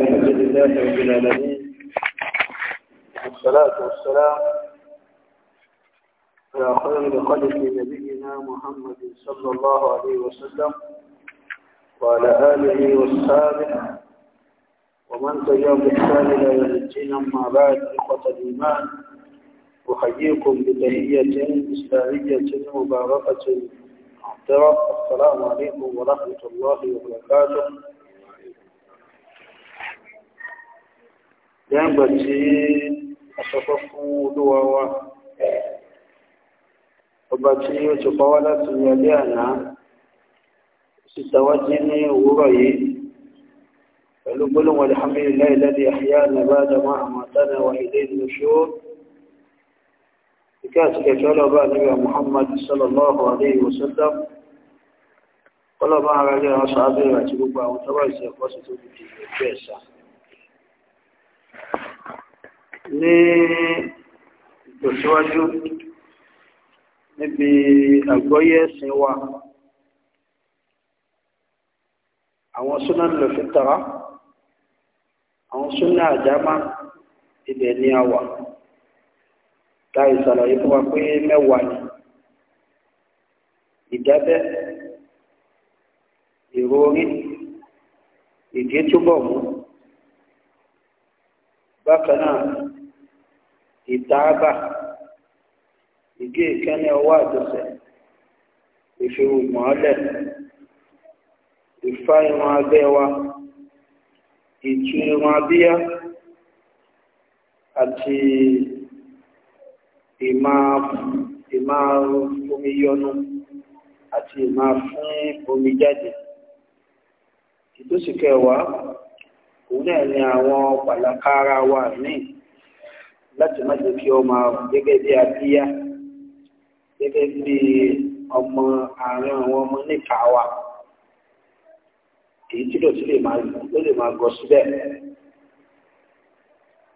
الحمد لله رب العالمين والصلاة والسلام على خير خلق نبينا محمد صلى الله عليه وسلم وعلى آله وصحبه ومن تجاوب بإحسان لا يوم ما بعد إخوة الإيمان أحييكم بتحية إسلامية مباركة محترمة السلام عليكم ورحمة الله وبركاته lẹ́gbà tí aṣọ́pọ̀ fún olúwa wa ọba tí ó ti pa wá láti ilé àná sì tàwájí ní òwúrọ̀ yìí pẹ̀lú gbólóhùn alhamdulillahi alladhi ahyana ba'da ma amatana wa Muhammad sallallahu alayhi wa sallam kọlọ́ba ara lé àwọn sàábẹ̀rẹ̀ àti gbogbo ní ìtòsíwájú níbi àgbọ́yé ẹ̀sìn wa àwọn súnà lòfin tara àwọn súnà àdámá ibẹ̀ ni a wà ta ìsàlàyé fún wa pé mẹ́wàá ni ìdábẹ́ ìró orí ìgé túbọ̀ mú bákan náà ìtaábà ìgé ìkẹ́ni ọwọ́ àtẹsẹ̀ ìfihù mọ́ọ́lẹ̀ ìfá irun abẹ́ wa ìtú irun abíyá àti ìmá omi yọnu àti ìmá fún omi jáde ìtòsí òun náà ni àwọn pàlàkà ara wa míì láti má jẹ́ kí ọmọ àrùn gẹ́gẹ́ bí abíyá gẹ́gẹ́ bí ọmọ àárín àwọn ọmọ níka wa èyí tí dọ̀tí lè máa lò ó lè máa gọ síbẹ̀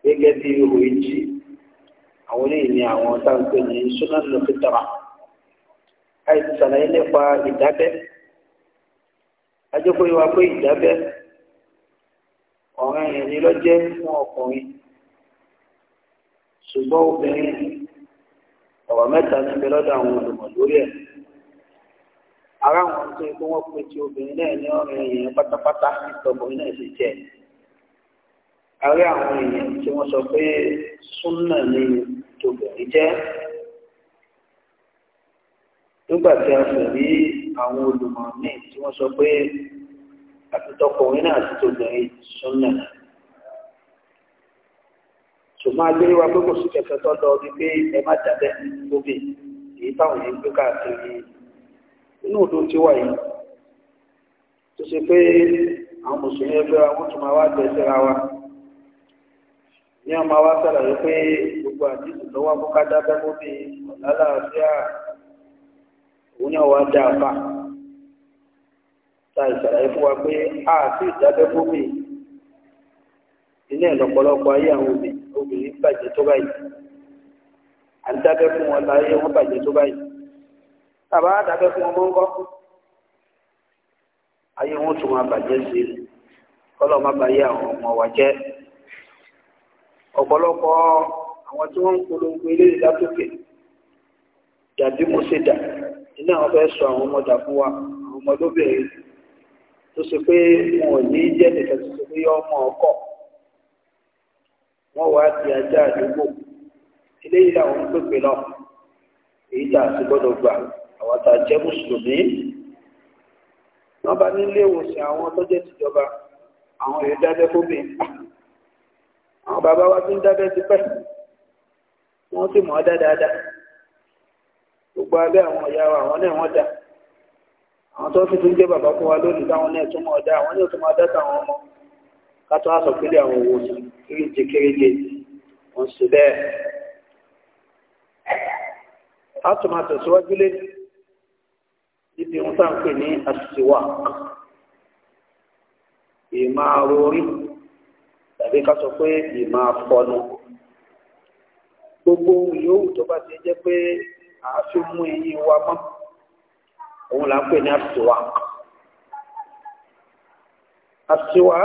gẹ́gẹ́ bí ihò ìjì àwọn oníyìí ni àwọn táǹpẹ̀ ní sunan lọ́fítàrà àìsàn ṣùgbọ́n obìnrin ọ̀rọ̀ mẹ́ta ní bẹ lọ́dọ̀ àwọn olùmọ̀ lórí ẹ̀ ara àwọn tó yẹ kó wọ́n pe ti obìnrin náà ní ọ̀rìn èèyàn pátápátá ìtọ́kùnrin náà sì jẹ́ ara àwọn èèyàn tí wọ́n sọ pé súnà ní tòbìnrin jẹ́ nígbà tí a sì rí àwọn olùmọ̀ míì tí wọ́n sọ pé àtìtọ́kùnrin náà àti tòbìnrin súnà náà ṣùgbọ́n agbéré wa pé kò sí kẹ̀kẹ́ tó lọ bí pé ẹ má jáde lóbì èyí táwọn yẹn ń gbé káàkiri inú òdo ti wà yìí tó ṣe pé àwọn mùsùlùmí ẹgbẹ́ wa wọ́n tún máa wá gbẹ síra wa ní ọmọ wa sàlàyé pé gbogbo àdìsí lọ́wọ́ akókádá bẹ́ lóbì ọ̀nà àlàáfíà òun náà wá dá a ta ìṣàlàyé fún wa pé a sì dábẹ́ fún ilé ìlọ́pọ̀lọpọ̀ ayé àwọn òbí obìnrin bàjẹ́ tó báyìí à ń dábẹ́ fún wọn láyé wọn bàjẹ́ tó báyìí tàbá dábẹ́ fún wọn mọ́ńkọ́ ayé wọn tún máa bàjẹ́ sí i kọ́lọ́ má bàa yé àwọn ọmọ wa jẹ́ ọ̀pọ̀lọpọ̀ àwọn tí wọ́n ń polongo eléyìí látòkè dàbí mo ṣe dà nínú àwọn fẹ́ sọ àwọn ọmọ dà fún wa àwọn ọmọ tó ṣe pé wọn ò ní jẹ́ nìkan tó ṣe pé yọ ọmọ ọkọ̀ wọ́n wá di ajá àdúgbò eléyìí làwọn ń pèpè lọ èyí tà sí gbọ́dọ̀ gbà àwọn tá a jẹ́ mùsùlùmí wọ́n bá nílé ìwòsàn àwọn tó jẹ́ tìjọba àwọn èyí dábẹ́ fómi àwọn bàbá wa ti ń dábẹ́ tipẹ́ wọ́n sì mọ̀ ọ́ gbogbo abẹ́ àwọn ìyá wa àwọn náà wọ́n dà àwọn tó fi tún jẹ́ bàbá fún wa lónìí táwọn náà tún mọ̀ ọ́ àwọn náà tún mọ̀ ọ́ táwọn ọmọ kátó wá sọ pé lé àwọn owó sàn kéréje kéréje wọ́n sì bẹ́ẹ̀. a tún máa tẹ̀síwájú lé níbi ohun tá à ń pè ní àṣìwà ìmọ̀ àrò orí tàbí ká sọ pé ìmọ̀ àfọnu gbogbo yòówù tó bá ti jẹ́ pé àáfin mú eyín wa mọ́ òun là ń pè ní àṣìwà àṣìwà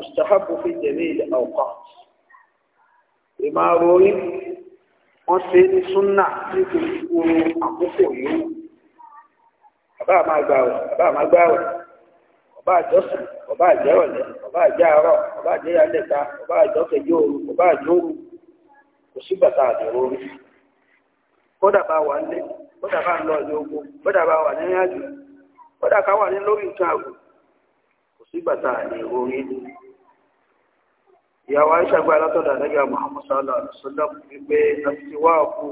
mustahabu fi jẹ̀lé ilẹ̀ ọ̀kọ́ ìmáa rorí wọ́n ṣe ní súnà ní gbogbo àkókò yìí bàbá máa gbà wẹ̀ bàbá máa gbà wẹ̀ ọba àjọsìn ọba àjẹrọ̀lẹ́ ọba àjẹàárọ̀ ọba àjẹyàlẹ́ta ọba àjọkẹjọ òru ọba àjọrù kò sígbà tá a lè rorí kódà bá wà nílé kódà bá ń lọ ilé ogun kódà bá wà nínú àjò kódà ká wà ní lórí nǹkan àgùn kò sígbà tá a lè rorí ìyàwó aisha gba alátọ̀dà lẹ́gbẹ̀ẹ́ muhammad sallallahu alaihi wa sallam wípé àti wá òkú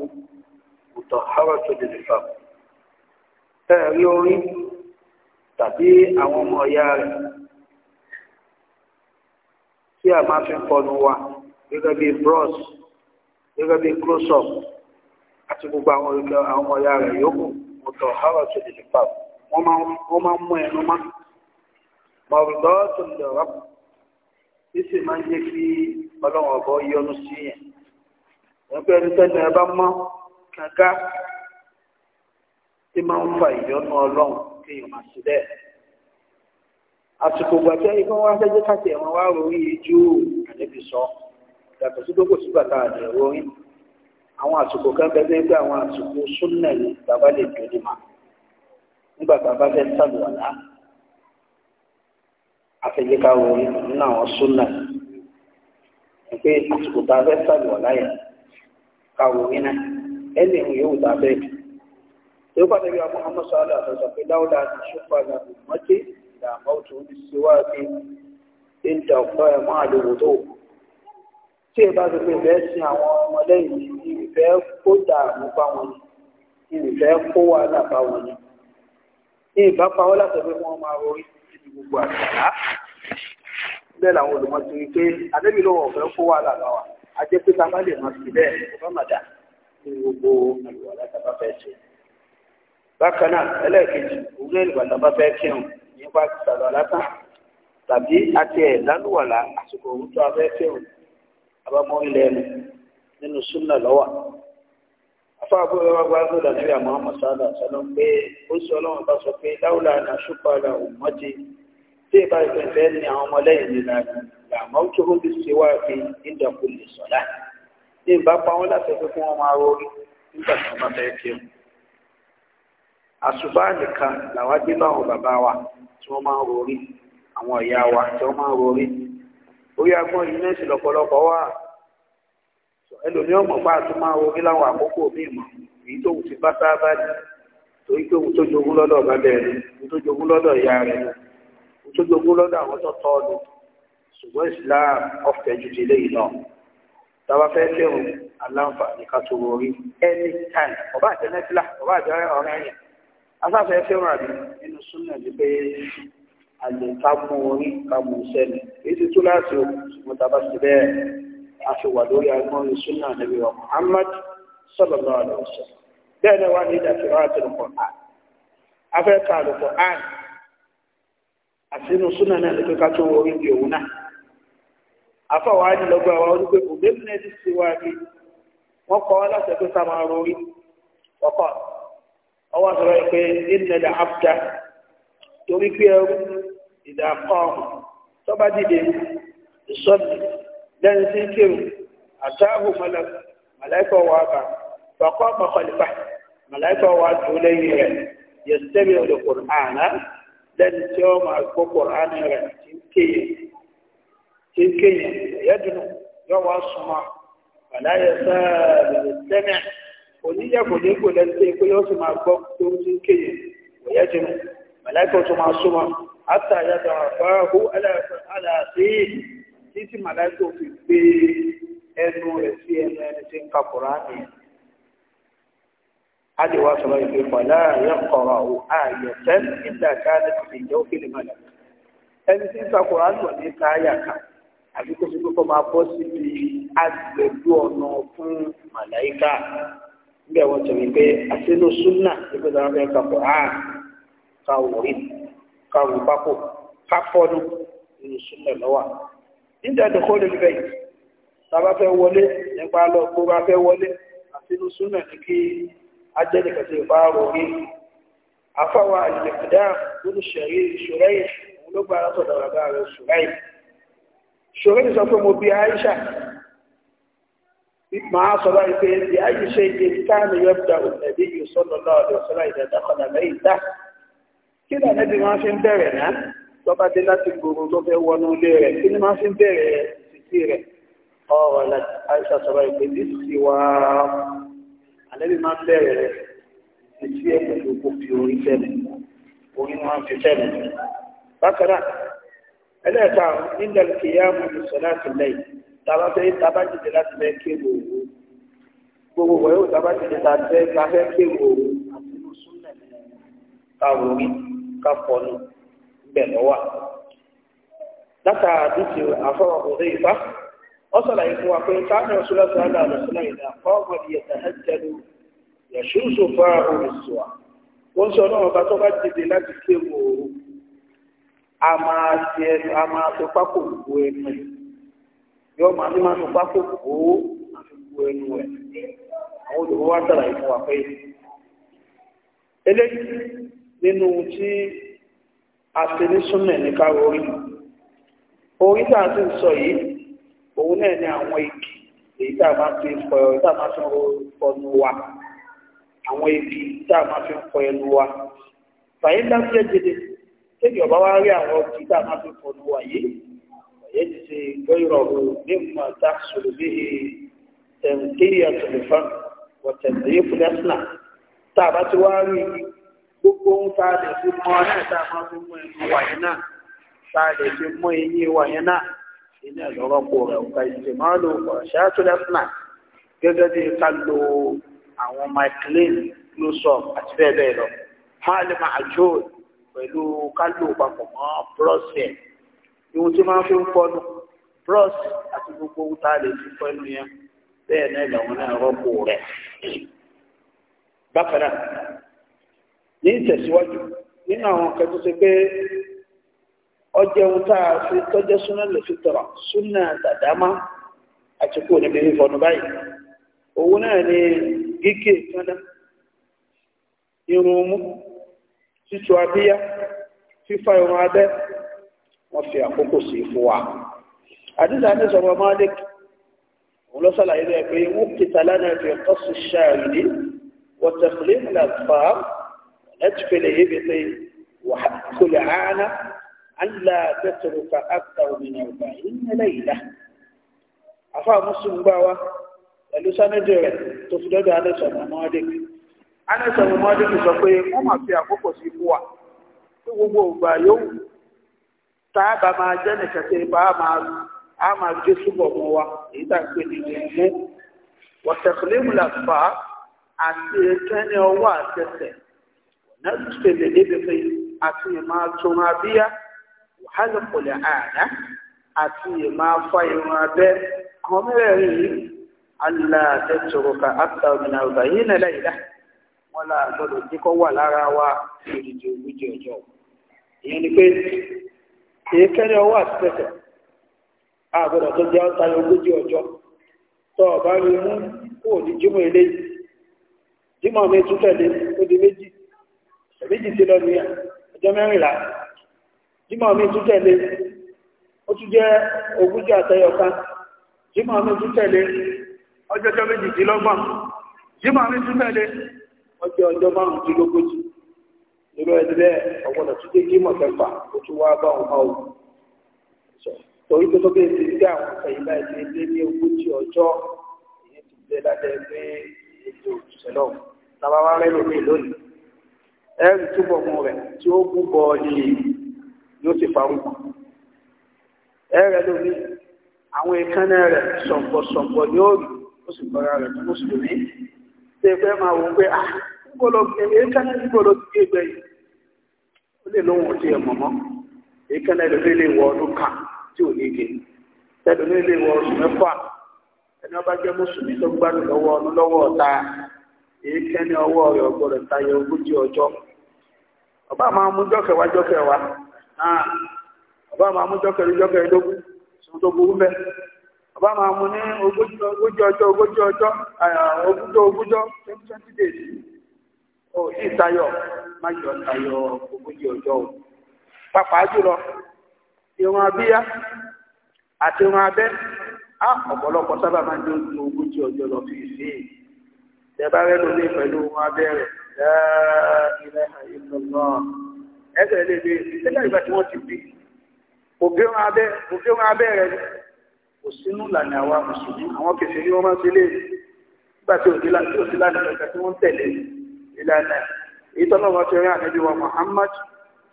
òtọ̀ harrow tó lè fà ẹ̀rí orí tàbí àwọn ọmọ ọ̀yá rẹ̀ tí a máa fi ń fọnu wa gẹ́gẹ́ bí bros gẹ́gẹ́ bí close up àti gbogbo àwọn ọmọ ọ̀yá rẹ̀ yòókù òtọ̀ harrow tó lè wọ́n máa mú ẹnu mọ́ mọ̀rùndọ́ tó lè rọ́pù sísè máa ń jẹ́ kí ọlọ́run ọ̀bọ yọ́nú sí yẹn wọ́n pẹ́ ẹni tẹ́lẹ̀ ẹ bá mọ́ kànga tí máa ń fa ìyọ́nú ọlọ́run kí èèyàn máa sí bẹ́ẹ̀ àsìkò gbàtẹ́ ikọ́ wá fẹ́jẹ́ káàkiri àwọn wá ròrí ijó àdébí sọ yàtọ̀ sí gbogbo sí bàtà àdè ròrí àwọn àsìkò kan bẹ́ẹ̀ bẹ́ẹ̀ bí àwọn àsìkò súnnà ní bàbá lè dùn ní mà nígbà bàbá fẹ́ sàlùwàlá afẹ́jẹ́ká wo nínú àwọn súnà ni pé àsìkò tá a fẹ́ sàlùwà láyà ká wo nínú ẹni ìhun yòówù tá a fẹ́ kí. tó bá tẹ̀lé àwọn ọmọ sọ́ọ́lá àtọ̀sọ̀ pé dáwọ́dà ti ṣùpàdà mọ́tì ìdààmú tó ń ṣèwádìí tí ń dàgbọ́ ẹ̀ máa lè wò tó. tí ẹ bá ti pè bẹ́ẹ̀ sin àwọn ọmọlẹ́yìn ní ìfẹ́ kó dààmú bá wọn ní ìfẹ́ kó wàhálà bá wọn ní ìbá gbogbo àgbàlá bẹ́ẹ̀ làwọn olùmọ̀ ti rí pé àdébí lọ́wọ́ ọ̀fẹ́ kó wà lára wa a jẹ́ pé tábà lè máa fi bẹ́ẹ̀ ọba màdà ní gbogbo àlùwà látàbà fẹ́ ṣe. bákan náà ẹlẹ́ẹ̀kejì òwúrọ̀ ìlú àtàbà fẹ́ kírun nípa ìsàlọ̀ látà tàbí àti ẹ̀ lálùwàlà àsìkò òun tó a fẹ́ kírun abamọ́ ilẹ̀ ẹnu nínú súnà lọ́wọ́ afáàbò ẹwà gbàgbé dàbí àmọ́ àmọ́ sáadà sálọ́ pé ó sọ ọlọ́run bá sọ pé dáwùlà tí ìbá ìfẹ̀fẹ́ ni àwọn ọmọlẹ́yìn nínú àgbàmọ́ tó ó ti ṣe wá fi ìdàkú lè sọ̀lá tí ìbá pa wọn láti ẹgbẹ́ fún wọn máa rọrí nígbà tí wọn bá fẹ́ kí wọn. àṣùbá nìkan làwa dé bá àwọn bàbá wa tí wọ́n máa ń rọrí àwọn ìyá wa tí wọ́n máa ń rọrí. orí agbọ́n yìí náà sì lọ́pọ̀lọpọ̀ wà ẹlòmíràn mọ̀ bá a tún máa rọrí láwọn àkókò míì mọ̀ èyí tó wù sí bá sáábà torí pé òun tó jogún lọ́dọ̀ tó jogún lọ́dọ̀ àwọn tó tọ́ lò ṣùgbọ́n islam ọ̀fẹ́ ju ti léyìí lọ tàbá fẹ́ kírun aláǹfààní ká tó wọrí any time ọba àti nẹ́fìlà ọba àti ọ̀rẹ́ ẹ̀yìn asáfẹ́ kírun àbí nínú o ṣùgbọ́n tàbá bẹ́ẹ̀ a fi wà lórí níbi wa Muhammad bẹ́ẹ̀ ni ní ìdàkìrọ̀ àti àsínú súnà náà ní kíkà tó wọrí bí òun náà afọwájú lọgbà wa olùgbé òbẹ́mìnà ti ti wá bí wọ́n kọ́ láti pé ká máa rori ọkọ̀ ọwọ́ sọ̀rọ̀ pé ìnẹ̀dà àbúdá torí pé ẹrú ìdá kọ́ọ̀mù tọ́ba dìde ìsọ́bì lẹ́yìn sí kéwù àtàhù màláìkọ̀ wà bá bàkọ́ mọ̀kànlélá màláìkọ̀ wà dùn lẹ́yìn rẹ̀ yẹ̀ lẹ́ni tí ó máa gbọ́ kọ̀ránì rẹ̀ tí ń kéye tí ń kéye ẹ̀yẹ́dùnú yóò wá súnmọ́ àláyé sáàlì tẹ́mẹ̀ oníyẹ̀kọ̀dégbò lẹ́ni tí pé yóò sì máa gbọ́ tó ń tí ń kéye ẹ̀yẹ́dùnú màláìkà tó máa súnmọ́ àtà yàtọ̀ àbáhù títí màláìkà fi gbé ẹnu rẹ̀ sí ẹnu ẹni tí ń ka kọ̀ránì rẹ̀ hadi wa sọ̀rọ̀ ìpè pọ̀lá yẹ́kọ̀rọ̀ ààyè tẹ́ nígbà káàdì ìjọ òkèlè mọ́lẹ̀ ẹni tí ń sọ kùrán fún ka kùrán ka ka òwúpákò ká fọ́nù nínú súnà lọ́wọ́ nígbà tó kó lè bẹ̀yì tá a bá fẹ́ ajẹ́lẹ̀ kàtí ìbáàrò rí afáwà àlìmẹ̀kúdá lórí ṣẹ̀rí ṣùrẹ́yì òun ló gbára sọ̀dọ̀ bàbá rẹ̀ ṣùrẹ́yì ṣùrẹ́yì sọ pé mo bí Aisha máa sọ báyìí pé bí Aisha ìdè káàmì yọ̀bùdà òǹdẹ̀bí yìí sọ̀dọ̀ lọ́ọ̀dọ̀ sọ́lá ìdẹ̀dàkọ̀dà lẹ́yìn dá kí lànà bí wọ́n fi ń bẹ̀rẹ̀ náà tọ́ba dé láti gbòòrò tó fẹ́ wọnú ilé rẹ̀ kí ni wọ́n fi ń bẹ̀rẹ̀ ìsìnkú rẹ̀ ọ̀rọ̀ Aisha sọ báyìí pé ní ìwà àlẹ́bí máa ń bẹ̀rẹ̀ rẹ̀ títí ẹ̀ pẹ̀lú kó fi orí sẹ́nu orí máa ń fi sẹ́nu. bákan náà ẹlẹ́ẹ̀ta nígbà tí ìyá mi lè sọ láti lẹ́yìn tàbá fẹ́ tàbá jìjì láti fẹ́ kéwò òru gbogbo wọ̀ yóò tàbá jìjì láti fẹ́ ká fẹ́ kéwò òru àti inú súnlẹ̀ ká wòrí ká fọnù bẹ̀ lọ́wọ́. látà àdúgbò àfọwọ́ òde ìfá وصل يقوى فإن كان رسول الله صلى الله عليه وسلم إذا قام ليتهجد يشوش فاه بالسواء wọ́n sọ náà ọba tó bá dìde láti ké wo a máa ṣe ẹnu a máa fi pákó bu ẹnu ẹ̀ yóò máa ní máa fi pákó bu ó máa fi bu ẹnu ẹ̀ àwọn olùkọ́ wa dára ìfún wa pé eléyìí nínú tí a ṣe ní súnmẹ̀ ní káwọ́ orí orí tá a ti ń sọ yìí òun náà ní àwọn igi èyí tá a máa fi nkọ èyí tá a máa fi wa àwọn igi tá fi ẹnu wa fàyè ọba wa rí àwọn igi tá a máa fi fọnu wa yìí fàyè ti ṣe gbẹ́rọ̀ ní mọ̀ tá sọ̀rọ̀ bí tẹ̀ǹkéyì àtẹ̀lẹ̀fọ́n wọ̀tẹ̀ǹdéyé fúlẹ́sìnà tá a bá ti wá rí igi gbogbo ohun tá a lè fi mọ náà tá a máa fi wa yẹn náà tá a lè fi mọ ilé ìlọ́rọ́pọ̀ rẹ̀ ọ̀gá ìjẹ̀mọ́lò ṣáàtúlẹ́sìnà gẹ́gẹ́ bí ká lo àwọn miclean close-up àti bẹ́ẹ̀ bẹ́ẹ̀ lọ máa lè máa jó pẹ̀lú ká lò papọ̀ mọ́ bros ẹ̀ ihun tí máa fi ń fọnu bros àti gbogbo ohun tá a lè fi fọnu yẹn bẹ́ẹ̀ náà làwọn náà rọ́pò rẹ̀ bákan náà ní ìtẹ̀síwájú nínú àwọn kẹtù ṣe pé ọjọ́ ohun tá a fi tọ́jọ́ súná lè fi tọ̀rọ̀ súná dàdámá àti kúrò níbi fífọnu báyìí òun náà ni gígé kánná irun mú títú abíyá fífa irun abẹ́ wọ́n fi àkókò sí fún wa àdìsá ní sọ̀rọ̀ Malik òun lọ sàlàyé rẹ̀ pé wọ́n kìtà lánàá fi kọ́sù ṣáàrìdì wọ́n tẹ̀lé ìlànà fàá lẹ́tùfẹ́lẹ̀ yébẹ̀tẹ̀ wà kólẹ̀ àánà ألا تترك أكثر من أربعين ليلة أفا مسلم باوا pẹ̀lú sánẹ́dẹ̀rẹ̀ tó fi dọ́dọ̀ anẹ́sọ̀mọ̀ mọ́dík anẹ́sọ̀mọ̀ mọ́dík sọ pé wọ́n máa fi àkókò sí fún wa tí gbogbo ògbà yóò táàbà máa jẹ́ nìkan tí ipa á máa gé súbọ̀ mọ́ wa èyí tà ń pè ní ìlú wọ̀tẹ̀kùlẹ́mù làfà àti ẹ̀kẹ́ni ọwọ́ àtẹ̀tẹ̀ náà ti fèlè níbi pé àti ìmọ̀ àtúnrún abíyá wàhálà kòlẹ̀ àdá àti ìmọ̀ afọ irun abẹ́ àwọn mẹ́rẹ̀ẹ̀rin yìí aláàtẹ̀tòròkà àtàwìnà ọ̀gá yìí nílẹ̀ ìdá wọn là gbọdọ̀ tí kò wà lára wa ìrìnjì ògbójì ọjọ́ ìyẹn ni pé èékẹ́ni ọwọ́ àti pẹ̀tẹ̀ àgbọdọ̀ tó jẹ́ ọ̀tayọ ogójì ọjọ́ tó ọ̀bá rí mú kó ní jímọ̀ eléyìí jímọ̀ ji mi tún tẹ̀lé ó tún jẹ́ ogúnjọ́ àtẹyọká jímọ̀ mi tún tẹ̀lé ọjọ́jọ́ méjìdínlọ́gbọ̀n jímọ̀ mi tún tẹ̀lé ọjọ́ ọjọ́ márùndínlógójì irú ẹni bẹ́ẹ̀ tún dé jímọ̀ kẹfà ó tún wá bá wọn máa torí tó tó bẹ́ẹ̀ ti rí àwọn ọjọ́ èyí ti jẹ́ lábẹ́ pé lónìí ẹ̀rù túbọ̀ mú rẹ̀ tí ó kú bọ̀ yóò ti fa wọn ẹrẹ lómi àwọn ìkànnì rẹ ni ó rí ó sì gbọ́ra rẹ̀ tó mùsùlùmí ṣe fẹ́ máa wọ pé ah, ti gbé ó lè lóhun ti ẹ̀ mọ̀mọ́ ìkànnì lè wọ ọdún kan tí ò ní ge tẹ́lẹ̀ lè wọ oṣù mẹ́fà ẹni ọba jẹ́ mùsùlùmí tó gbádùn lọ́wọ́ ọdún lọ́wọ́ ọ̀tá ìkànnì ọwọ́ tayọ ogójì ọjọ́ ọba ọba ah, ma mú jọ́kẹ̀rẹ́ jọ́kẹ̀rẹ́ lógún ṣùgbọ́n tó burú bẹ́ẹ̀ ọba máa mú ní ogójì ọjọ́ ogójì ọjọ́ ogójọ́ ọjọ́ twenty days ó oh, tayọ má yọ tayọ ogójì ọjọ́ o jùlọ abíyá àti abẹ́ á ah, ọ̀pọ̀lọpọ̀ sábà máa ń ojú ogójì ọjọ́ lọ fi ṣe bá pẹ̀lú ẹsẹ̀ lè lè sílẹ̀ ìgbà tí wọ́n ti bí ògérun abẹ́ ògérun abẹ́ rẹ̀ ni kò sínú ìlànà àwa mùsùlùmí àwọn kẹsì ni wọ́n máa ń ṣe léèrè nígbà tí òdì láti òdì lánàá kẹta tí wọ́n tẹ̀lé ìlànà èyí tọ́lọ́ wọn ti rí ànábì wa Muhammad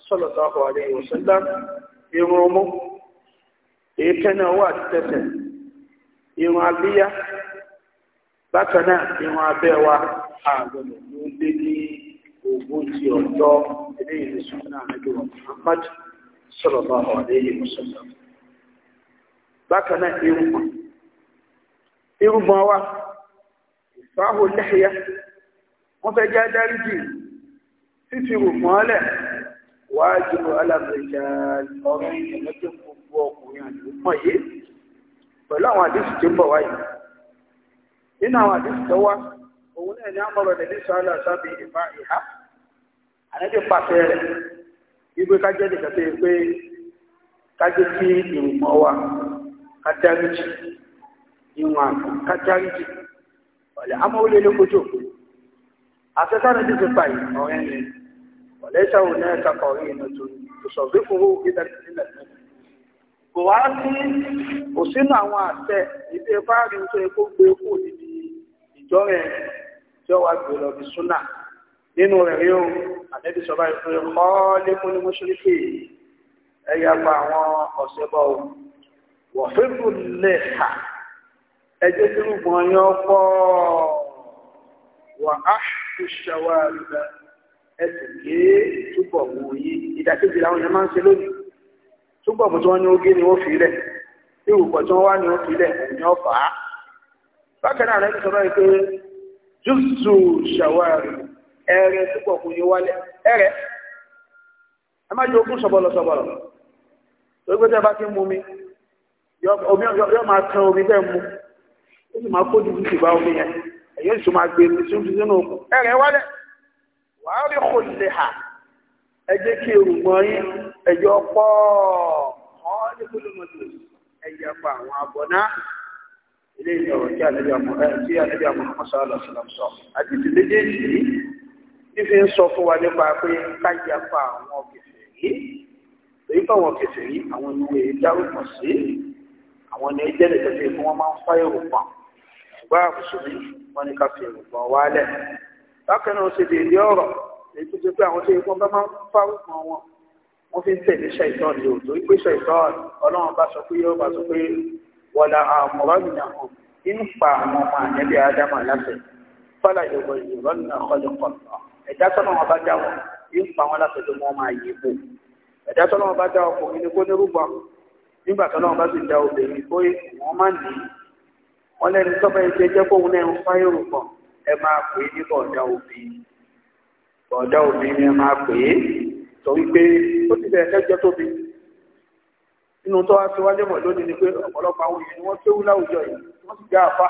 sallallahu alaihi wasallam irun ọmọ èyí kẹ́nà ọwọ́ àti tẹ̀sẹ̀ irun abíyá bákan náà irun abẹ́ wa àgbọ̀dọ̀ ló ń dé ní ogójì ọjọ́ eléyìí ní súnmọ́ àjọwọ̀ Muhammad sallallahu alaihi wasallam bákan náà irúgbọ̀n irúgbọ̀n wa ìfáhù lẹ́yẹ wọ́n fẹ́ jẹ́ dáríjì títí rùgbọ́nlẹ̀ wájú alábẹ̀já ọ̀rọ̀ ìjọmọ́jọ́ gbogbo ọkùnrin àjòmọ́ òun náà ní àmọ̀rọ̀ lẹ́bí sọ́ọ́lá sábì ìfà ìhá ànábì pàṣẹ rẹ̀ wípé kájẹ́ nìkan tó yẹ pé kájẹ́ sí ìrùmọ̀ wa kájáríjì ìwọ̀n àgbà kájáríjì ọ̀lẹ́ amóhùlé lókojò àfẹ́sánà ti ti pàì ọ̀rẹ́ ni ọ̀lẹ́ ìṣàwò náà kakọ̀ orí iná tó sọ fún owó ìdá kò wá sí àwọn àṣẹ ìdí tó yẹ kó gbé kó ìjọ rẹ̀ tí ó wà gbé lọ bí súnà nínú rẹ̀ rí o àtẹ́bí sọ báyìí pé kọ́ọ́lé fún ní mọ́ṣíríkì ẹ yà pa àwọn ọ̀sẹ̀ bọ̀ o wọ̀fíìmù lè hà ẹ jẹ́ kí rúgbọ̀n yẹn pọ̀ wà á kú ṣàwárí ẹsẹ̀ gé túbọ̀ wò yí ìdákejì làwọn yẹn máa ń ṣe lónìí túbọ̀ bó tí wọ́n ní ó gé ni ó fi rẹ̀ tí tí wọ́n wá ni ó fi rẹ̀ òun yẹn bákan náà rẹ̀ sọ̀rọ̀ jùsù ṣàwárí ẹrẹ púpọ̀ kò yí wálé ẹrẹ ẹ má jẹ ogún sọ̀bọ̀lọ̀ sọ̀bọ̀lọ̀ torí pé tẹ́ bá ti mú mi yọ máa tẹ omi bẹ́ẹ̀ mú ó sì máa kó dùdú sí bá omi yẹn ẹ̀yẹ́ sì máa gbé mi sí sínú òkú ẹrẹ wálé wàá rí kò lè hà ẹ jẹ́ kí èrùngbọ̀n yín ẹ̀yọ́ pọ̀ ọ́ ní kúlùmọ̀tò ẹ̀yẹ̀ pa àwọn àbọ̀ náà ilé ìtọ̀rọ̀ tí àlejò àmọ́ mọ́sálà sọ̀rọ̀ sọ àdìsí méjèèjì yìí fífi ń sọ fún wa nípa pé káyà pa àwọn kẹfẹ́ yìí èyí tó àwọn kẹfẹ́ yìí àwọn ìwé dárúkọ sí àwọn ní ẹjẹ́ lè tẹ̀lé fún wọn máa ń fá èrò pa ṣùgbọ́n àbùsùnmí wọn ni ká fi èrò pa wálẹ̀ bákan náà ṣe dèédé ọ̀rọ̀ èyí tó ṣe pé àwọn tó yẹ kó bá máa ń fá èrò pa wọn wọ́n fi ń tẹ̀lé ṣàìtọ́ọ̀lì òtò ìpè ṣàìtọ́ọ̀lì ọlọ́run bá sọ pé yóò bá sọ pé wọ̀là àmúrọ̀nàhùn ń pa àwọn ọmọ ànẹ́bí ádámà láṣẹ fọlá ìwọ̀ ìrọ̀nà ọlọ́kọ̀ ẹ̀dá tọ́nà wọn bá dáwọ̀ ń pa wọn láṣẹ tó mọ́ máa yí bò ẹ̀dá tọ́nà wọn bá dáwọ̀ kò ní kó nírúbọ nígbà tọ́nà wọn bá sì dá obìnrin pé wọ́n má nì í wọ́n lẹ́ni tọ́pẹ́ ẹgbẹ́ jẹ́ kóun náà ń fáyọ̀ rúbọ ẹ inú tó wá síwájú mọ̀ lónìí ni pé ọ̀pọ̀lọpọ̀ àwọn èèyàn ni wọ́n kéwú láwùjọ yìí wọ́n sì já àfá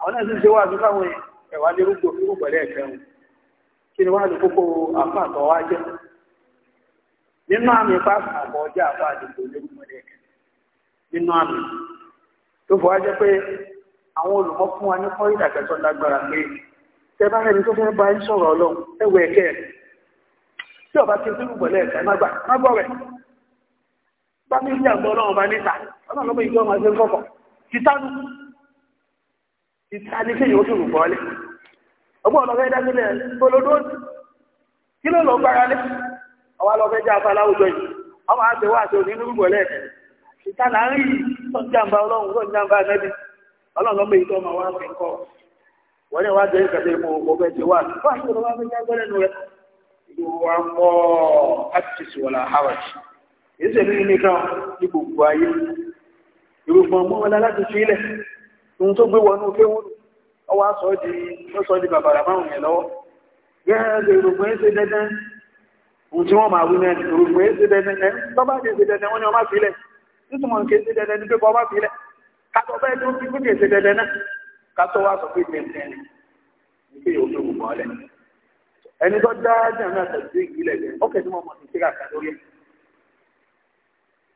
àwọn náà sì ṣe wá sí fáwọn ẹ̀wà ní rúgbò fún ìpẹ̀lẹ̀ ẹ̀kẹrin kí ni wá ní kókó àfá àtọ̀ wá jẹ́ nínú àmì pàṣẹ àbọ̀ ọjà àfá àdìgbò lórúkọ̀lẹ̀ ẹ̀kẹrin nínú àmì tó fọ́ wá jẹ́ pé àwọn olùkọ́ fún wa ní kọ́ ìdàkẹ́sọ́ lágbára pé tẹ bá ẹni tó fẹ́ bá ń sọ̀rọ̀ ọlọ́run ẹwẹ̀ ẹ̀kẹ́ tí ọba ti ń tún ìpẹ̀lẹ̀ ẹ̀kẹ́ má gbà má gbọ́ rẹ̀ bá mi ń jàgbọ́ ọlọ́run bá níta ọlọ́run lọ́mọ ìjọ máa ṣe ń kọ́kọ́ tìtánu tìtánu kí yóò tún bọ́ lé ọgbọ́n ọlọ́fẹ́ dákúlẹ̀ gbọlódó kí ló lọ gbára lé àwọn alọ́fẹ́ jẹ́ afárá àwùjọ yìí ọmọ àṣẹ wà àṣẹ onínú gbọ̀ lẹ́ tìtánu àárín sọ̀njàmbá ọlọ́run ọlọ́run lọ́mọ ìjọ máa wá ìṣèlú nìkan ní gbogbo ayé ìrùgbọ̀n mọ́ wọn láti fi ilẹ̀ ohun tó gbé wọnú kéwòrò ọwọ́ aṣọ di sọ di bàbàrà márùn yẹn lọ́wọ́ gẹ́gẹ́ ìrùgbọ̀n ṣe dandan ohun tí wọ́n máa wí náà ìrùgbọ̀n ṣe dandan ẹ̀ tó bá ṣe dandan wọ́n ni ọmọ fi ilẹ̀ nítumọ̀ nǹkan ṣe dandan ní pé kọ́ ọmọ fi ilẹ̀ kátó bẹ́ẹ̀ tó fi kúkè ṣe dandan náà kátó wá sọ pé tẹ̀tẹ̀ ní pé yóò fi gbogbo ọlẹ̀ ẹni tó dáa jẹ́ àmì àtàkùn ìgbìlẹ̀ ọkẹ́ tí wọ́n mọ̀ sí kíkà kàdórí ẹ̀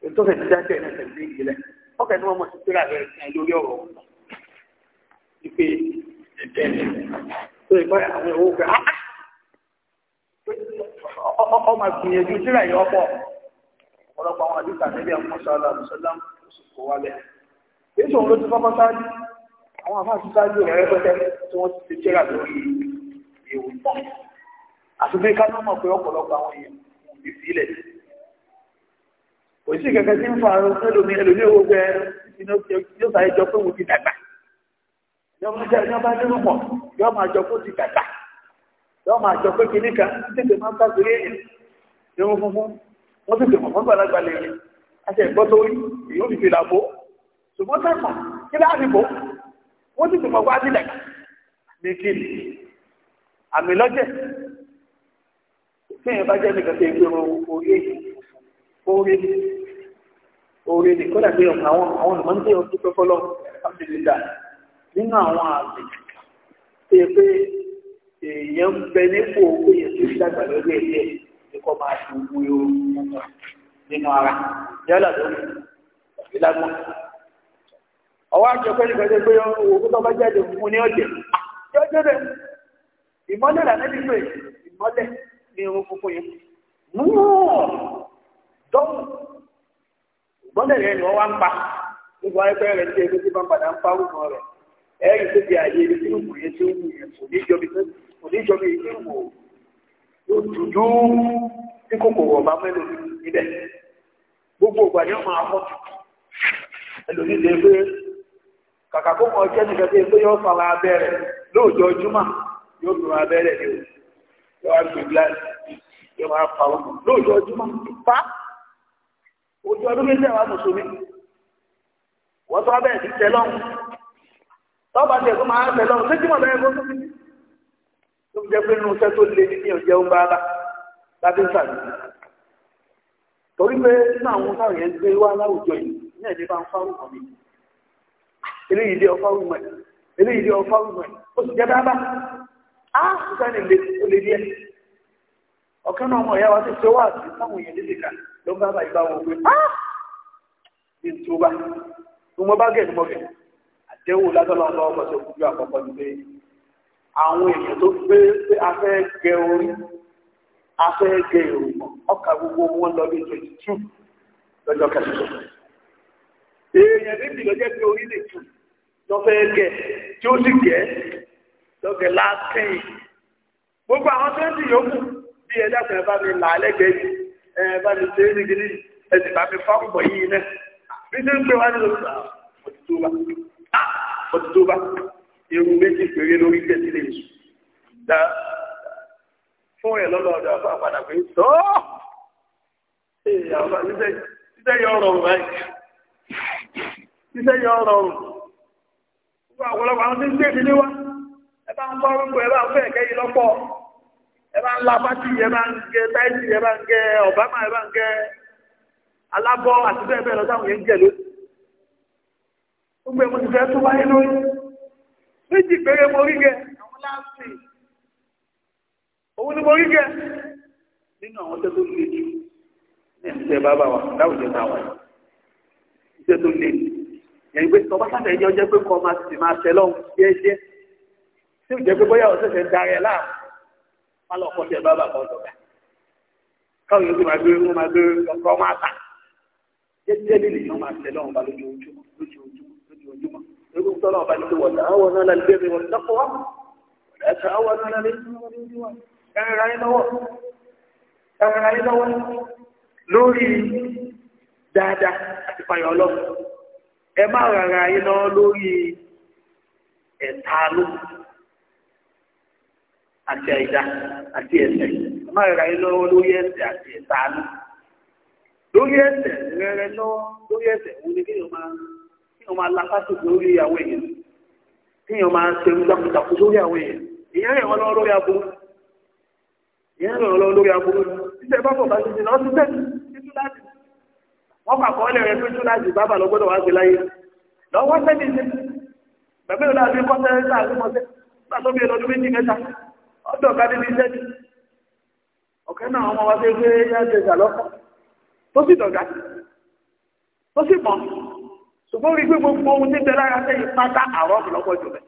ètò ìfẹ́ jíjá tẹ̀ ẹ̀rẹ́ tẹ̀lé ìgbìlẹ̀ ọkẹ́ tí wọ́n mọ̀ sí pẹ́lá rẹ̀ sí lórí ọ̀rọ̀ wọn ipe ẹ̀jẹ̀ tó ìgbà àwọn owó gbà ah, ah! ọmọ ìgbìyànjú síra yìí ọ̀pọ̀ ọ̀pọ̀lọpọ̀ àwọn àdúgbò àtẹ́lẹ̀ ọmọ sọ́ọ́lá àbùsọ́lá oṣù kò wálẹ̀ èso òun ló ti kọ́kọ́ sáájú àwọn àfáàsì sáájú rẹ̀ rẹpẹtẹ tí wọ́n ti síra lórí ìwòsàn àti bí ká ló mọ̀ pé ọ̀pọ̀lọpọ̀ àwọn èèyàn kò ní sílẹ̀ kò sí tí ń fa àrùn ẹlòmí ẹlòmí owó gbẹ yóò sáré jọ pé wò dàgbà yọ bá nínú pọ̀ yọ máa jọ pé ti dàgbà yọ máa jọ pé kìíní kan tètè máa ń bá sórí èyí lóhun funfun wọ́n tètè mọ̀ fún gbàlagbà lẹ́yìn àti ẹ̀gbọ́n tó rí èyí ò ní fi là bó ṣùgbọ́n sẹ́kọ̀ọ́ kí láàrin bò wọ́n tètè mọ̀ wá sí dàgbà ní kíni àmì lọ́jẹ̀ tí èèyàn bá jẹ́ nìkan tó ń gbé wọn orí èyí oore ni oore ni kódà pé àwọn àwọn ìmọ̀ ń gbé ọdún pẹ́kọ́ lọ nínú àwọn àmì tó yẹ pé èèyàn ń bẹ nípò pé tó dàgbà lórí máa nínú ara yálà lórí ọwọ́ àjọ pé nípa ẹgbẹ́ pé owó tó bá jáde fún ní ọ̀jẹ̀ yóò ìmọ́lẹ̀ ìmọ́lẹ̀ ní yẹn. tó gbọ́dọ̀ rẹ̀ ni wọ́n wá ń pa gbogbo ayẹpẹ́ rẹ̀ ní ebi tí wọ́n padà ń pa orúkọ rẹ̀ ẹ̀yìn tó di àyè ibi tí ń wù yẹn tí wù yẹn kò gbogbo ni wọ́n máa lè gbé kàkà kó mọ ọjọ́ tí yóò fara abẹ́rẹ́ lóòjọ́ yóò o yóò wá gbé gíláàsì yóò wá fa ojú ọdún méjì àwọn mùsùlùmí wọ́n tó abẹ́ ìdíje lọ́hùn tọ́ba tẹ̀ tó máa ń tẹ̀ lọ́hùn sétí mọ̀ bẹ́ẹ̀ kó tó fi tó fi jẹ́ pé nínú iṣẹ́ tó le ní ọ̀jẹ̀ ń bára lábẹ́ ìsàlẹ̀ torí pé nínú àwọn táwọn yẹn gbé wá láwùjọ yìí ní ẹ̀dí bá ń fáwọn mọ̀ mi eléyìí dé ọfá wù mọ̀ eléyìí dé ọfá wù ó sì jẹ́ bá bá á sùkánì lè díẹ̀ ọ̀kan náà ọmọ ìyá wa ti tó wà sí táwọn èèyàn lédè kan ló ń bá bá ìbá wọn pé bí n tó bá ní mo bá gẹ̀ ní mo gẹ̀ àdéhùn látọ̀lọ́ ń lọ ọkọ̀ tó kú ju àkọ́kọ́ ni pé àwọn èèyàn tó gbé pé a fẹ́ gẹ orí a fẹ́ gẹ ìròyìn ọkà gbogbo wọn lọ bí twenty two lọ́jọ́ kẹsàn-án èèyàn níbi lọ́jọ́ pé orí lè tù lọ́fẹ́ gẹ̀ tí ó sì gẹ̀ lọ́gẹ̀ láàkẹ́yìn gbogbo àwọn tó ń bí ẹ dákun ẹ bá mi là lẹ́gbẹ̀ẹ́ yìí ẹ bá mi ṣe é ní gidi ẹ sì bá mi fá ọ̀pọ̀ yìí náà bí ṣe ń gbé wá ní lóṣù ọ̀tútù bá ah, ọ̀tútù bá irun méjì péré lórí tẹ̀sí lè dá fún ẹ lọ́dọ̀ ọ̀dọ̀ afọ àpàdà pé tó ṣiṣẹ́ yọ ṣiṣẹ́ yọ àwọn ọlọ́pàá ń ẹbá ńlá pátì ẹbá ń gẹ táìsì ẹbá ń gẹ ọ̀bámà ẹbá ń gẹ alábọ́ àti bẹ́ẹ̀ bẹ́ẹ̀ lọ táwọn yẹn ń jẹ lónìí gbogbo ẹ̀mọ́ ti fẹ́ tó wáyé lórí méjì péré mo rí gẹ àwọn láàsì òun ni mo rí gẹ nínú àwọn tẹ́ tó le jù ní ẹ̀sẹ̀ bàbá wa láwùjọ táwa iṣẹ́ tó le yẹn gbé tọ́ bá sàtẹ̀ yẹ ọjọ́ pé kọ́ máa sì máa tẹ̀ lọ́hùn jẹ́ẹ́jẹ́ tí ò jẹ́ pé bóyá ọ̀sẹ̀ fẹ́ darẹ̀ láàmú wọn lọ kọ́ sí ẹ bábà kan lọ́gà káwọn yóò máa gbé wọn máa gbé ọkọ máa tà jẹjẹ lílì yóò máa tẹ̀lé ọ̀hún ba lójoojúmọ́ lójoojúmọ́ lójoojúmọ́ ewu tọ́lá ọba ní wọ́n náà wọ́n náà lálẹ́ mi wọ́n dákọ̀ wá ẹ̀ka wọ́n náà lálẹ́ mi wọ́n ní wọ́n ẹ̀rọ ayé lọ́wọ́ ẹ̀rọ ayé lọ́wọ́ lórí dáadáa àti fàyọ̀ ọlọ́run ẹ má rárá ayé lọ́wọ́ lórí ẹ̀ta lóhùn àti àìdá àti ẹ̀ṣẹ̀ ọmọ ìrà yín lọ́wọ́ lórí ẹ̀ṣẹ̀ àti ìtàánú lórí ẹ̀ṣẹ̀ rẹ̀rẹ̀ lọ́wọ́ lórí ẹ̀ṣẹ̀ òun ni kéèyàn máa kéèyàn máa lakásù lórí àwọn èèyàn kéèyàn máa ṣe ìdàkùdàkù lórí àwọn èèyàn ìyẹn rẹ̀ wọ́n lọ́wọ́ lórí aburú ìyẹn rẹ̀ wọ́n lọ́wọ́ lórí aburú títẹ̀ bá bọ̀ bá ti di lọ́sí tẹ̀ títú láti wọ́n kọ àkọọ́lẹ̀ rẹ̀ títú láti bábà lọ gbọ́dọ̀ wá sí láyé lọ́wọ́ sẹ́ni ṣe bẹ̀mí ìlú àti kọ́sẹ́ sáà sí mọ́sẹ́ gbàtọ́ bí ọdọ̀ ká níbi iṣẹ́ jù ọ̀kẹ́ náà ọmọ wa tẹ́ gbé yájẹ ìjàlọ́kọ̀ tó sì dọ̀gá tó sì mọ̀ ṣùgbọ́n rí pé gbogbo ohun títẹ lára tẹ́ ìpátá àrọ́ ọ̀pọ̀lọpọ̀ jù lẹ̀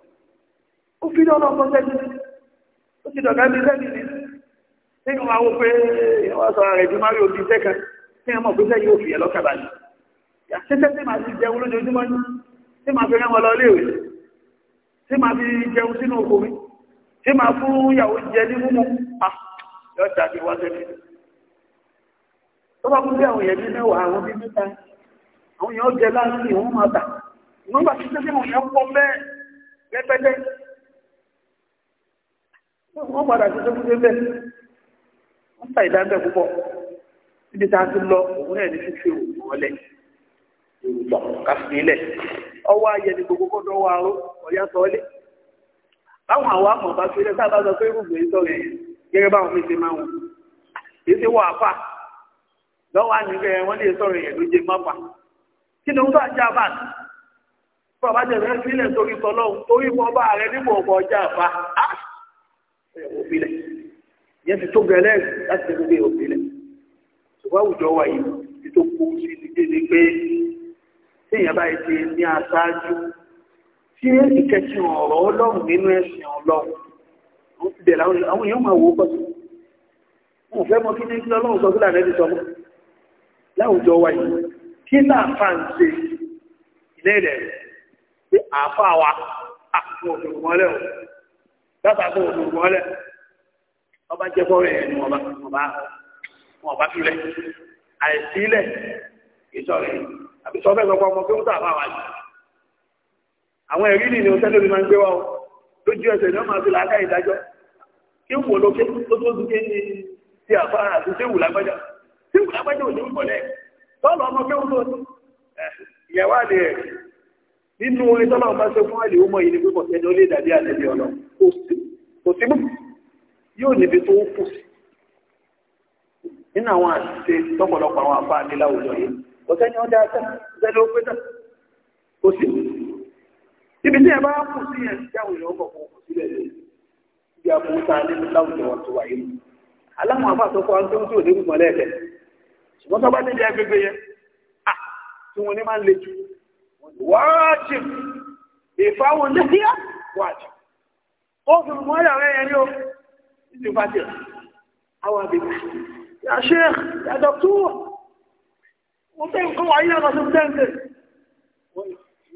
ó fi lọ́nà ọkọ̀ sẹ́jú ó sì dọ̀gá níbi iṣẹ́ jù nínú àwọn pé ìwọ́n sọ rẹ̀ ju máa rí ojú iṣẹ́ kan tí wọ́n mọ̀ pé iṣẹ́ yóò fi ẹ̀ lọ́kà balẹ̀ yàtẹ́tẹ́ tí màá ti jẹun lójoojúmọ́ tí ma fún ìyàwó jẹ ní mímú pa yọ jáde wá lẹ́nu tó bá fún bí àwọn èèyàn ní àwọn bí àwọn èèyàn jẹ ìwọ̀n máa tà nígbà tí wọn yẹn pọ̀ bẹ́ẹ̀ wọ́n padà bẹ́ẹ̀ wọ́n ta a ti lọ òun náà ní fífi òògùn ọlẹ̀ yorùbá káfíńlẹ̀ ọwọ́ ayẹni gbogbo kọ́dọ̀ wà ó ọ̀yá sọ́ọ́lẹ̀ báwọn àwọn àmọ̀ bá fi lẹ́ sábà sọ pé rúgbìn ń sọ̀rọ̀ yẹn gẹ́gẹ́ báwọn mi ṣe máa wọn èyí ti wọ àfà lọ́wọ́ àníbẹ̀ wọ́n lè sọ̀rọ̀ yẹn ló jẹ mọ́fà kí ni wọ́n bá jẹ́ àbá fún ọba jẹ́ fẹ́ sílẹ̀ torí tọlọ́hún torí mọ́ bá rẹ nígbà ọ̀pọ̀ ọjà àbá á òfilẹ̀ yẹn ti tó gẹlẹ́ láti ṣe gbogbo òfilẹ̀ ṣùgbọ́n àwùjọ wa yìí ti tó kú sí ti dé ni pé téèyàn báyìí ti ní aṣáájú tí ìkẹsì ọ̀rọ̀ ọlọ́run nínú ẹ̀sìn ọlọ́run ó ti dẹ̀ láwọn èèyàn máa wò ó pọ̀ sí wọn fẹ́ mọ kí ní kílọ́ ọlọ́run sọ kí lànà ẹ̀dì sọmọ láwùjọ wa yìí kí náà fà ń ṣe ilé rẹ̀ pé àáfà wa àti òdòdòmọ́lẹ̀ o dábàá tó òdòdòmọ́lẹ̀ ọba jẹ́ fọ́ọ̀rọ̀ ẹ̀ ni wọ́n bá wọn bá túlẹ̀ àìsílẹ̀ ìsọ̀rẹ̀ àbísọ́fẹ́ gbọ́gbọ́ ọmọ pé ó tà bá wa àwọn ẹ̀rí nìyí o tẹ́lẹ̀ mi máa ń gbé wa o lójú ẹsẹ̀ ni wọ́n máa fi làákà ìdájọ́ kí wò ló ké tó tó dúké ní ti àfa àti séwù lágbájá séwù lágbájá ò ní kọ̀lẹ́ tọ́lọ̀ ọmọ pé ó lọ sí ìyàwó àlè ẹ̀ nínú orin tọ́lọ̀ ọmọ ṣe fún àlè ọmọ yìí ni pípọ̀ ẹni ó lè dàbí àlẹ́bí ọ̀nà kò sí mú yóò níbi tó ń kù sí nínú àwọn àṣìṣe tọ́pọ̀lọpọ̀ àwọn àfa àmì láwùjọ yìí kò sẹ́ni ó dáa tán sẹ́ni ó pé tán kò sí ibi tí ẹ bá kù sí yẹn ti àwọn èèyàn kọ̀ọ̀kan kù sílẹ̀ lé ibi àkóńtà nínú láwùjọ wọn tó wáyé mu aláwọn afáàtọ́kọ̀ àwọn tó ń tó òde gbùgbọ́n ṣùgbọ́n tó bá dé jẹ́ gbégbé yẹn à tí wọn ní máa ń le jù wáàjì ìfáwọn lẹ́yà wáàjì ó fi mọ́ ìyàwó ẹ̀yẹ ní o ìsì fàtì àwọn àbẹ̀bẹ̀ yà ṣe yàtọ̀ tó wọ́n fẹ́ nǹkan wáyé náà lọ sí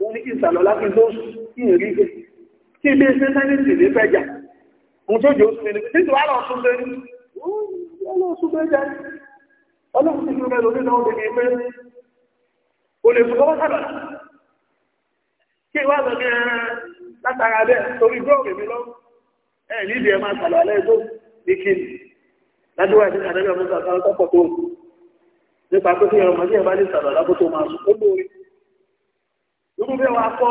wọ́n ní kí ìsàlọ̀ láti tó kí ìrí ṣe kí ilé iṣẹ́ sẹ́yìnsì lè fẹ́ jà mo tó jẹ́ oṣù nínú títí wàá lọ sún bẹ́ẹ̀ ni wọ́n lọ sún bẹ́ẹ̀ jà ọlọ́run ti fi bẹ́ẹ̀ lórí náà lè ní pé o lè fún kọ́kọ́ sábà kí wàá lọ ní eh, látara bẹ́ẹ̀ torí bọ́ọ̀rù mi lọ ẹ̀ níbi ẹ̀ máa sàlọ̀ alẹ́ tó ní kí ni lájúwà ìdí àdẹ́gbẹ̀mọ́sà sọ́kọ̀ tó nípa pé kí ẹ̀rọ mọ́ sí ẹ̀ bá lè sàlọ̀ lábó tó máa irú bẹ́ẹ̀ wá kọ́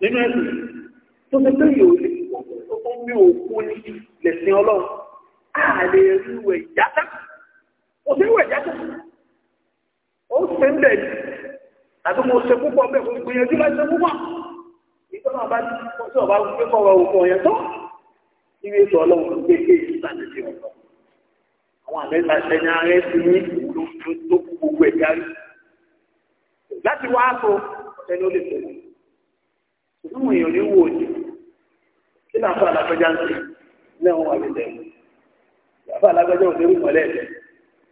nínú ẹ̀sìn tó ṣe pé yòó lè tó mi ò kú ní lẹ̀sìn ọlọ́run á lè rí ìwẹ̀ ìjátá kò sí ìwẹ̀ ìjátá ó ṣe ń bẹ̀ yìí àti mo ṣe púpọ̀ bẹ́ẹ̀ kò gbìyànjú láti ṣe púpọ̀ ìtọ́nà bá ti kọ́ sí ọ̀bá gbé kọ́ra òkú ọ̀yẹ́ tó ìwé sọ ọlọ́run gbé ké ìsàlẹ̀ sí ọ̀tọ̀ àwọn àmẹ́ta ṣẹ̀yìn ààrẹ ti ní ìlú tó gbogbo ẹ̀ ẹni ó lè tẹ̀lé ṣùgbọ́n àwọn èèyàn ní wò ó ní kí náà fún alágbẹ́já ń sè náà wọ́n wà lè tẹ̀ bàbá alágbẹ́já ò lérí mọ́lẹ̀ ẹ̀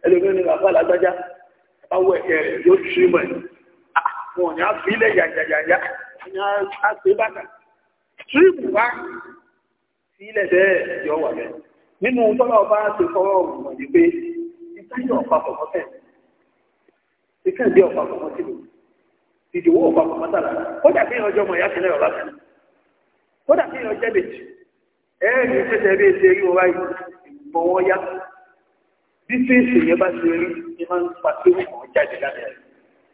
ẹlòmíràn ní bàbá alágbẹ́já awọ ẹ̀kẹ́ rẹ̀ yóò ṣí mọ̀ ẹ̀ wọn ni a fi ilẹ̀ yàyàyàyà ni a ṣe bàtà tírípù bá fi ilẹ̀ bẹ́ẹ̀ yọ wà bẹ́ẹ̀ nínú tọ́lá ọba ti fọwọ́ ọ̀rùn mọ̀ ní pé ìtàjọ́ ọ̀pá pọ̀ mọ́tẹ̀ ìkẹ́ǹdé ọ̀pá pọ̀ mọ́tẹ̀ ìdìwọ́ ọ̀pá pàmátàlá kódà kí ìyànjọ́ ọmọ ìyá sílẹ̀ ọ̀lá kan kódà kí ìyànjẹ́ méjì ẹ̀ẹ́dì ìfẹsẹ̀ bí ẹsẹ̀ rí ọ̀rá ìgbọ̀n wọn yá bí fèsì yẹn bá ṣe rí ni máa ń pa sí ọmọ jáde lábẹ́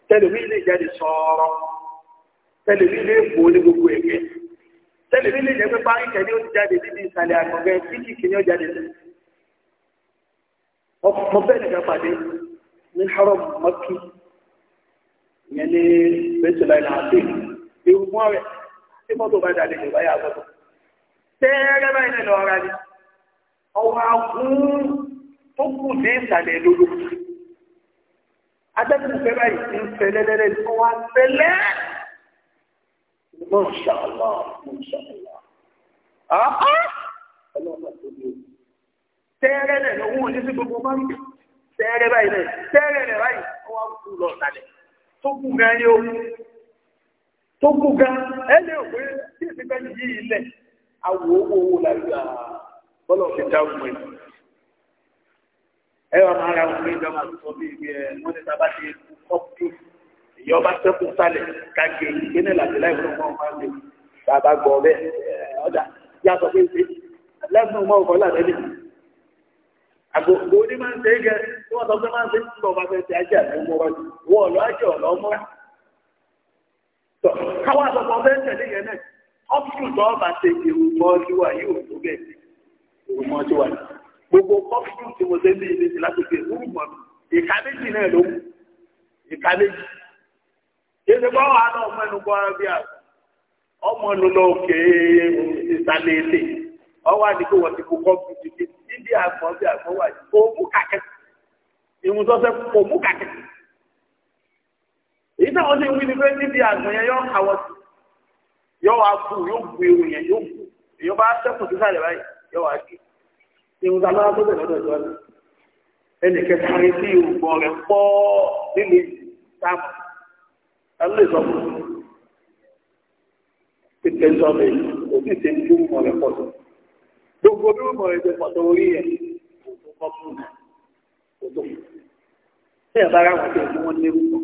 tẹlẹmí lè jáde sọ̀rọ̀ tẹlẹmí lè fò ní gbogbo ẹ̀gẹ́ lè jẹ́ pé parí kẹ́ni ó ti jáde níbi ìsàlẹ̀ ní ìyẹn ní bẹ́sùlá ìlànà àti ìrùgbọ́n rẹ̀ tí mọ́tò bá dàdé ìjọba yà gbọ́dọ̀. tẹ́ẹ̀rẹ́ báyìí lẹ́nu ọ̀rá ni ọwọ́ agún tó kù ní ìsàlẹ̀ lódò. atẹ́kùn fẹ́ báyìí ti ń fẹ́ lẹ́lẹ́lẹ́ ní ọwọ́ afẹ́lẹ́. mọ̀ṣálá tẹ́ẹ̀rẹ́ lẹ́nu owó oníṣẹ́ máa ń tẹ́ẹ̀rẹ́ báyìí lẹ́nu tẹ́ẹ̀rẹ́ lẹ́nu báyìí ọwọ́ tó kù gan ní ohun tó kù gan ẹlẹ́ òwe tí ìsinmi yí ilẹ̀ àwọ̀ owó owó lágbà bọ́lọ̀ fi dá òun ẹ̀ ẹ wà máa ra òun ìjọ máa sọ bí ibi ẹ wọ́n ní sábà ti kọ́ bí ìyọba sẹ́kù sálẹ̀ káàkiri ìgbéná làbí láì fún ọmọ ọmọ ọmọ bàbá gbọ́ bẹ́ẹ̀ ọjà yàtọ̀ pé ṣe lẹ́gbẹ̀ẹ́ ọmọ ọkọ̀ làbẹ́lẹ̀ àgbògbò ní máa ń ṣe gẹ tí wọ́n sọ pé máa ń ṣe ń ndị, bá fẹ́ ṣe ajé àti ọmọọrọ̀ wọ́n ọ̀lọ́ ajé ọ̀lọ́ tẹ̀lé yẹn náà tó ọba ṣe ìrù wa yóò tó bẹ́ẹ̀ ìrù wa gbogbo tí mo ṣe ń ìrù mọ́ ìka méjì náà ló ìka méjì. ọmọ ẹnu ọwọ́ àdìgbò wọ́n ti kó kọ́mpútì tí níbi àgbọ̀n bí àgbọ̀n wà kò mú kàkẹ́ ìwọ̀n tó fẹ́ kò mú kàkẹ́. èyí táwọn ṣe ń wí ni pé níbi àgbọ̀n yẹn yọ àwọ̀ sí yọ wá bù yóò bu ewu yẹn yóò bu èyàn bá sẹ́kùn sí sàlẹ̀ báyìí yọ wá gé ìwọ̀n tó aláwọ̀ tó bẹ̀ lọ́dọ̀ ìjọ ni ẹnì kẹta rẹ sí ìrùgbọ̀n rẹ pọ̀ nílé táàmù ẹ lè sọ fún mi gbogbo bí wọn mọ̀rẹ́ tó pọ̀tọ̀ orí ẹ̀ kò kọ́ fún un kò tó fún un. ṣé ẹ̀ bá ara wọn tó fún wọn léwu pọ̀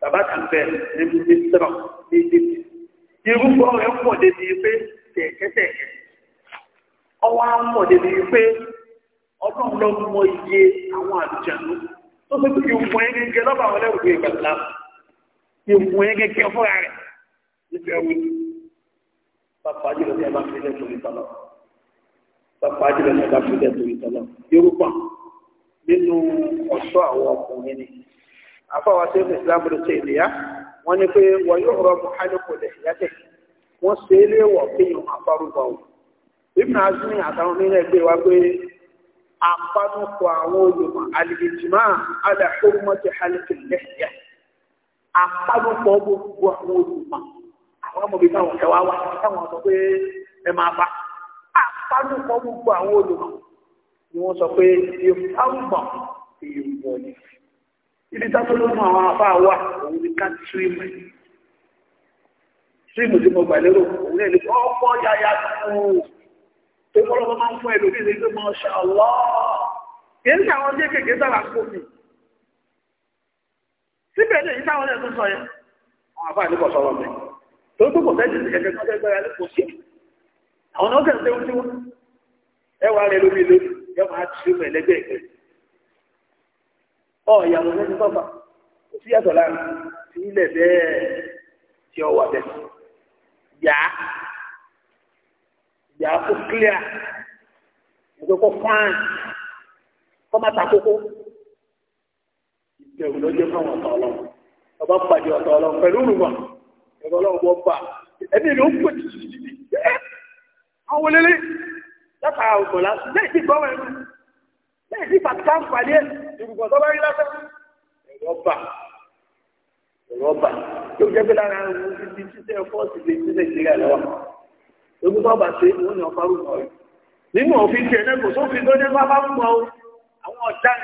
bàbá kan bẹ̀ níbi ní sọ̀rọ̀ ní ìdíje. irúgbọ́ rẹ̀ pọ̀ débi pé tẹ̀kẹ́tẹ̀kẹ́ ọwọ́ á pọ̀ débi pé ọlọ́run ló mọ iye àwọn àlùjànnú tó ṣe pé ìwọ̀n ẹni gẹ lọ́ba àwọn ẹlẹ́wọ̀n ìgbà ìgbà ìwọ̀n ẹni gẹ fúnra rẹ̀ níbi pápá jùlọ ní ọba fúdẹ torí tọlọ yorùbá nínú ọ̀ṣọ́ àwọn ọkùnrin ni afọwọ sí ẹgbẹ islam ló ṣe ìlẹyà wọn ni pé wọn yóò rọ muhammed kò lè yàtẹ wọn ṣe é léwọ kéèyàn afárúgbà o ibùdó azumi àtàwọn nínú ẹgbẹ́ wa pé àpánukọ àwọn olùmọ̀ alìjìmá aláhùnmọtì alìkìlẹyà àpánukọ gbogbo àwọn olùmọ̀ àwọn ọmọbìnrin táwọn ẹwà wà táwọn sọ pé ẹ máa bá àádùpọ̀ gbogbo àwọn olùkọ́ ni wọ́n sọ pé ìfáwùmọ̀ èèwọ̀ ni ibi tátó ló mú àwọn afá wà òun ni ká tírìmù tírìmù tí mo gbà lérò òun ní ẹ̀lẹ́kọ́ ọ̀pọ̀ yáyà tó tó kọ́ lọ́wọ́ máa ń fún ẹlòmí ìlú Masha Allah kì í ṣe àwọn tí kéèké sára ń kó mi síbẹ̀ lè yí táwọn ẹ̀ tó sọ yẹn àwọn afá ní kọ̀ sọ̀rọ̀ mi tó tó kò fẹ́ àwọn náà kẹsẹ̀ ń ẹ wà lórí máa tì í ọ ìyàwó lẹni pápá ó láàrin tí ilẹ̀ tí ọ wà bẹ́ẹ̀ yá yá kó kílíà ẹgbẹ́ kó fáàn kó má ta kókó ìbẹ̀rù ló jẹ́ fáwọn ọ̀tọ̀ ọlọ́run ọba pàdé ọ̀tọ̀ ọlọ́run pẹ̀lú àwọn olélé lọ́pàá àwògbọ̀lá lẹ́yìn gbọ́wọ́ ẹnu lẹ́yìn tí pàtàkì àǹfààní ẹ̀ àwọn ọ̀daràn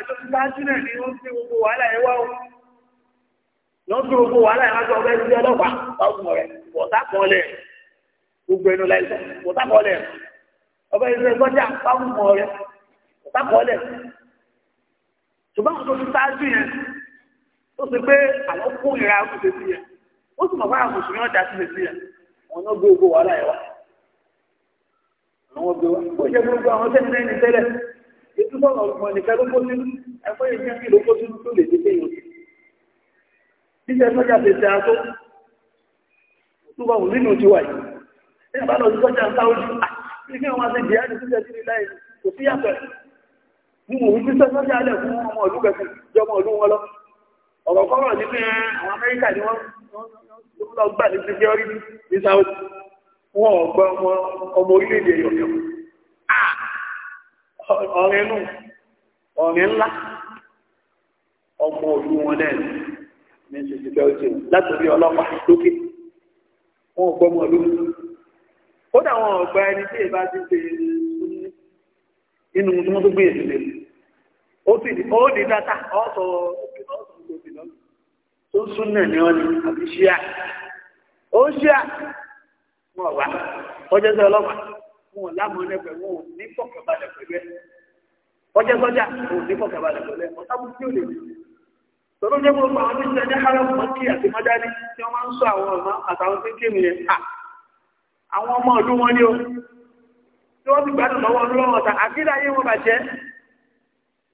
tó ti sáájú náà ni wọ́n ti gbogbo wàhálà ẹ̀ wá lọ́n tó gbogbo wàhálà ẹ̀ tó ọgbẹ́ sí ọlọ́pàá bá rẹ̀ bọ̀tá kan lẹ̀ gbogbo ẹnu la ẹsẹ kò sákọọlẹ ọbẹ ẹsẹ sọjà fáwọn ọmọ rẹ kò sákọọlẹ ṣùgbọ́n àwọn tó ti sáájú yẹn tó ti pé àwọn kó ìra kò tẹ̀sí yẹn ó sì mọ̀ fáwọn mùsùlùmí ọjà ti tẹ̀sí yẹn wọn náà gbé gbogbo wàhálà yẹn wá àwọn gbé wá kó jẹ gbogbo àwọn tẹ́lẹ̀ tẹ́lẹ̀ tẹ́lẹ̀ ètò sọ̀rọ̀ ọ̀gbọ̀n nìkan ló kó sínú ẹ̀fọ́ yẹn jẹ́ kí ló kó sínú tó lè dé téèyàn sí. ṣíṣe sọ́jà tẹ̀sí aṣọ túbọ̀ nínú tiwa yìí ẹ bá lọ sí sọ́jà sáwọ́dì bí kí wọ́n máa ṣe jìyà ní sílẹ̀ sílẹ̀ láì kò sí yàtọ̀ ní mò ń fi sọ sọ́jà alẹ̀ fún ọmọ ìlú kẹsì jọ ọmọ ìlú wọn lọ ọ̀rọ̀ kọ́rọ̀ ní pé àwọn Amẹ́ríkà ni wọ́n lọ gbà ní security ní sáwọ́dì wọn ò gbọ́ ọmọ ọmọ orílẹ̀-èdè yọ̀yọ̀ ọ̀rẹ́ nù ọ̀rẹ́ ńlá ọmọ òlú wọn náà ní security látòrí ọlọ́pàá lókè wọn ò gbọ́ ọmọ ìlú kódà àwọn ọ̀gbà ẹni tí èbá ti ṣe inú tí wọ́n tó gbé èdè lè ó sì ní ó ní dátà ọ̀sọ̀ tó sún náà ní ọ́nì àbí ṣíà ó ṣíà wọn wá ọjọ́ sọ ọlọ́pàá wọn lámọ̀ ẹlẹ́pẹ̀ wọn ò ní fọ̀kànbalẹ̀ pẹ̀lú ẹ ọjọ́ sọ́jà wọn ò ní fọ̀kànbalẹ̀ pẹ̀lú ẹ ọ̀tá bú kí ó lè rí tọ́lọ́ jẹ́ gbogbo àwọn tí ń sẹ́jẹ́ hárọ̀ mọ́kì àti mọ́jáde tí wọ́n máa ń sọ àwọn ọ̀mọ́ àtàwọn tí ń kí nìyẹn àwọn ọmọ ọdún wọn ní o tí wọ́n ti gbádùn lọ́wọ́ ọdún lọ́wọ́ ọ̀tá àkídà yé wọn bàjẹ́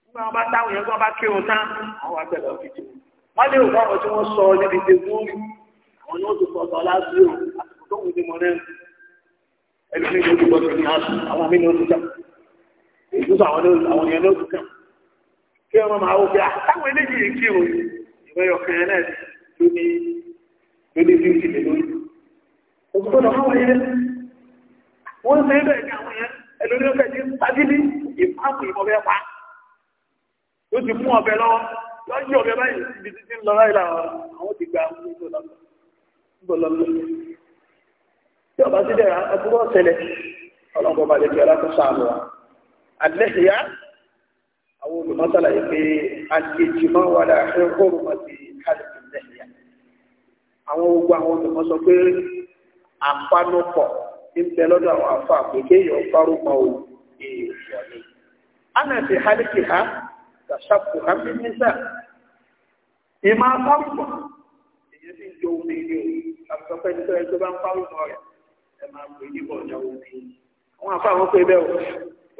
nígbà wọn bá táwọn yẹn kí wọ́n bá kírun tán àwọn àgbẹ̀lẹ̀ ọ̀fìtì wọ́n lè wọ́n ọ̀rọ̀ tí wọ́n sọ níbi tẹ̀gbọ́n àwọn ni wọ́n ti sọ̀tọ̀ láti rò àsìkò tó wù ní mọ̀ náà ẹni mi ló ti gbọ́ sí ní àṣù àwọn mi ló ti kàn ìdúsọ àwọn yẹn ló ti kàn kí wọ́n máa wọ́n fi àtàwọn ah, eléyìí kírun ìwé ọ̀kẹ́rẹ́ náà ló ní ló ní fífi lè lórí òkútọ́lọ̀ àwọn yẹn wọ́n ń sẹ́yìn bẹ̀rẹ̀ ní àwọn yẹn ẹlòmí ó kẹ́jì tágídí ìfáàkù ìmọ̀bẹ pa ó ti mú ọbẹ̀ lọ lọ́jọ́ ọbẹ̀ báyìí ibi títí lọ láì là àwọn ti gba àwọn ìgbò lọ́lọ́ tí ọba sí dẹ̀ra ẹkúrú ọ̀sẹ̀lẹ̀ ọlọ́mọ balẹ̀ fi ọlá tó sàánù wa àdìlẹ́sìyá àwọn olùmọ́sálà yìí pé àjèjì máa wà láàrin hóró mọ́ sí kálí àwọn ogun àwọn olùmọ́sọ pé àpanupọ̀ ń bẹ lọ́dọ̀ àwọn afọ àpèké yọ fárúkọ o èèwọ̀ ni. ana ti hálíkì ha tàṣàkù ha mi nísà ìmọ̀ akọ́pọ̀ èyí sì ń jó omi ní o àbùsọ̀pẹ́ ní sọ́yẹ́ tó bá ń fárúkọ rẹ̀ ẹ̀ máa pè ní bọ̀dọ̀ omi. àwọn afọ àwọn pé bẹ́ẹ̀ o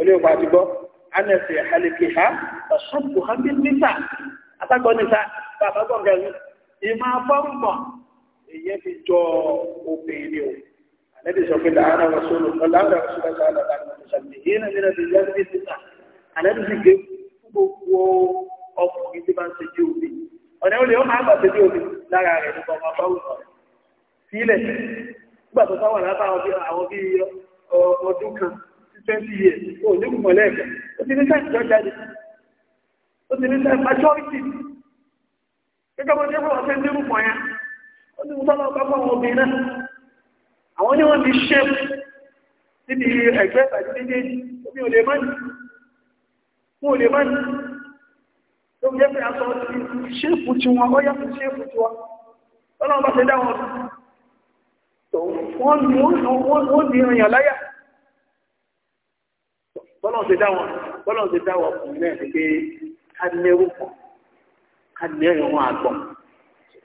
olóògbé àti gbọ́ ana ti hálíkì ha tàṣàkù ha mi nísà àtàkọ́ nísà bàbá gbọ̀ngàn ìmọ̀ akọ́pọ̀ èyẹ fi jọ obìnrin o àlẹ́bí sọ pé láàárọ̀ rasúlù láàárọ̀ rasúlù sáàlà láàárọ̀ sàmì yìí náà nínú ti yára bí sísà àlẹ́bí sì gé gbogbo ọkùnrin tí bá ń ṣe jí omi ọ̀nà olè ó máa ń gbàgbé jí omi lára rẹ̀ nípa ọmọ báwù náà sílẹ̀ nígbà tó sáwọn lábá àwọn bí ọdún kan sí twenty years ó ní kùmọ̀ lẹ́ẹ̀kan ó ti ní sáà ìjọ jáde ó ti ní sáà majority gẹ́gẹ́ bó ṣe fún ọ̀sẹ̀ ní rúpọ̀ yẹn ó ní gbọ́dọ̀ ọkọ̀ fún àwọn obìnrin náà àwọn ní wọ́n ti ṣe níbi ẹgbẹ́ tàbí méjèèjì omi ò lè má ní wọn ò lè má ní tó jẹ́ pé aṣọ ti ṣéèfù tí wọn ó yàtọ̀ ṣéèfù tí wọn ọlọ́run bá ti dá wọn tó wọ́n ní wọ́n ní ọyàn láyà bọ́lọ̀n ti dá wọn bọ́lọ̀n ti dá wọn kùn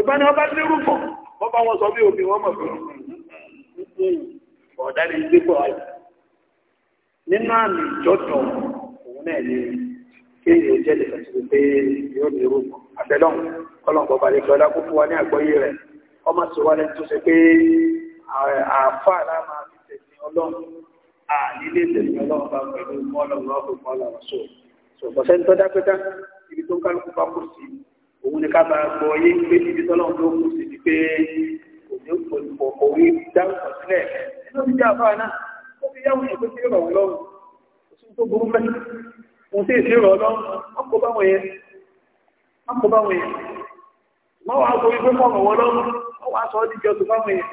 ṣùgbọ́n ni wọ́n bá lérú fún wọ́n bá wọn sọ bí omi wọ́n mọ̀ fún un ọ̀dà ni ilé pọ̀ ayọ̀ nínú àmì ìjọ́jọ́ òun náà ni kéèyàn jẹ́ lè fẹ̀sùn pé yóò lérú fún àbẹ̀lọ́n kọ́lọ́ǹkọ́ balẹ̀ kí ọlá kó fún wa ní àgbọ́yé rẹ̀ ọmọ sì wá lẹ́nu tó ṣe pé àáfàá lá máa fi tẹ̀sìn ọlọ́run àlílé tẹ̀sìn ọlọ́run bá pẹ̀lú mọ́ọ̀lọ́run ọ̀hún mọ́ọ̀lọ́run sọ òun ni ká máa gbọ́ yé pé ibi tọ́lọ́run ló kù sí ni pé òní òní dáhùn sílẹ̀ nínú ti jẹ́ àbáwá náà ó fi yáwó yẹn pé kí rọ̀ wọ́n lọ́rùn òsùn tó burú mẹ́ òun sì sí rọ̀ lọ́rùn wọ́n kó báwọn yẹn wọ́n kó báwọn yẹn wọ́n wá sọ wípé kọ́ ọ̀rọ̀ wọn lọ́rùn wọ́n wá sọ ọ́ díjọ́ tó báwọn yẹn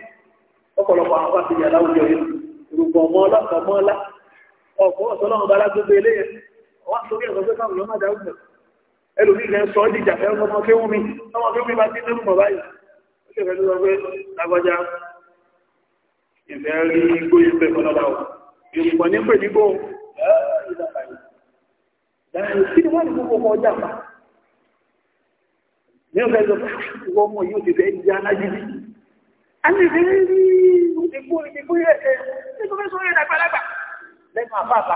ọ̀pọ̀lọpọ̀ àwọn bá ti yà láwùjọ yẹn rògbò ọmọ ọlọ́pàá mọ́ ọlá ọ̀pọ̀ ọ̀sọ́lọ́run bá lágbègbè eléyẹn wọ́n á sọ ẹlòmí ilẹ̀ sọ ọ́ dìjà fẹ́ ọmọ kéwú mi ọmọ kéwú mi bá ti lẹ́nu mọ̀ báyìí ó lè fẹ́ ló sọ pé lágbájá ìfẹ́ rí igbó ìfẹ́ fọlọ́ba o ìrùkọ̀ ní pè nígbó kí ni wọ́n ní gbogbo ọkọ̀ ọjà pa ní ọ̀fẹ́ sọ pé ìwọ ọmọ yóò ti fẹ́ jẹ́ alágídí a lè fẹ́ rí igbó ìgbó ìrẹsẹ̀ nígbó fẹ́ sọ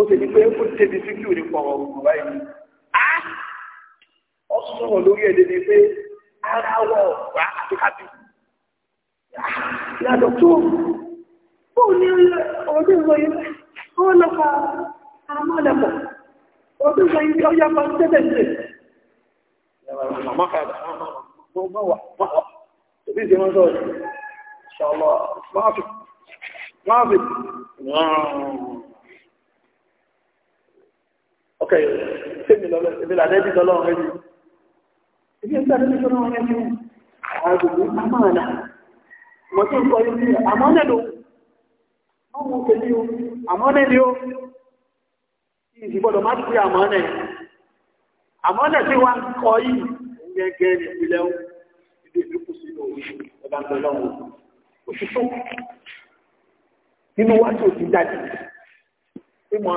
ó ti di pé ó ti tẹbi sí kí o ní pọ̀rọ̀ ọ̀gbọ̀n báyìí á ọ sọ̀rọ̀ lórí ẹ̀ débi pé ara wọ̀ ọ̀gbà àti kábí. Ìyàtọ̀ tó ó ní ọdún ìwòye ó lọ fa amọ́lẹ̀pọ̀ ọdún ìwòye ó yá pa tẹ́lẹ̀ tẹ́lẹ̀. Màmá kàdà, màmá wà, màmá wà, tòbí ìdí wọn sọ̀rọ̀, ṣàlọ́, máa fi, máa fi, máa ọkẹ́ yìí sẹ́mi lọ́lọ́ ẹ̀mí làdé bí tọ́lọ́ ọ̀rẹ́ yìí ẹ̀mí ẹ̀mí làdé bí tọ́lọ́ ọ̀rẹ́ yìí àgbègbè amáàlà mo tún kọ yìí àmọ́nẹ́ ló ọmọ òkèlè o àmọ́nẹ́ ni ó ìsìgbọ́dọ̀ má ti fi àmọ́nẹ́ àmọ́nẹ́ tí wọ́n kọ yìí gẹ́gẹ́ ní ìpìlẹ̀ ìdí ìdúkù sí lórí ẹ̀bá ń tọ́lọ́ òṣìṣọ́ nínú wájú òsì jáde ní mọ́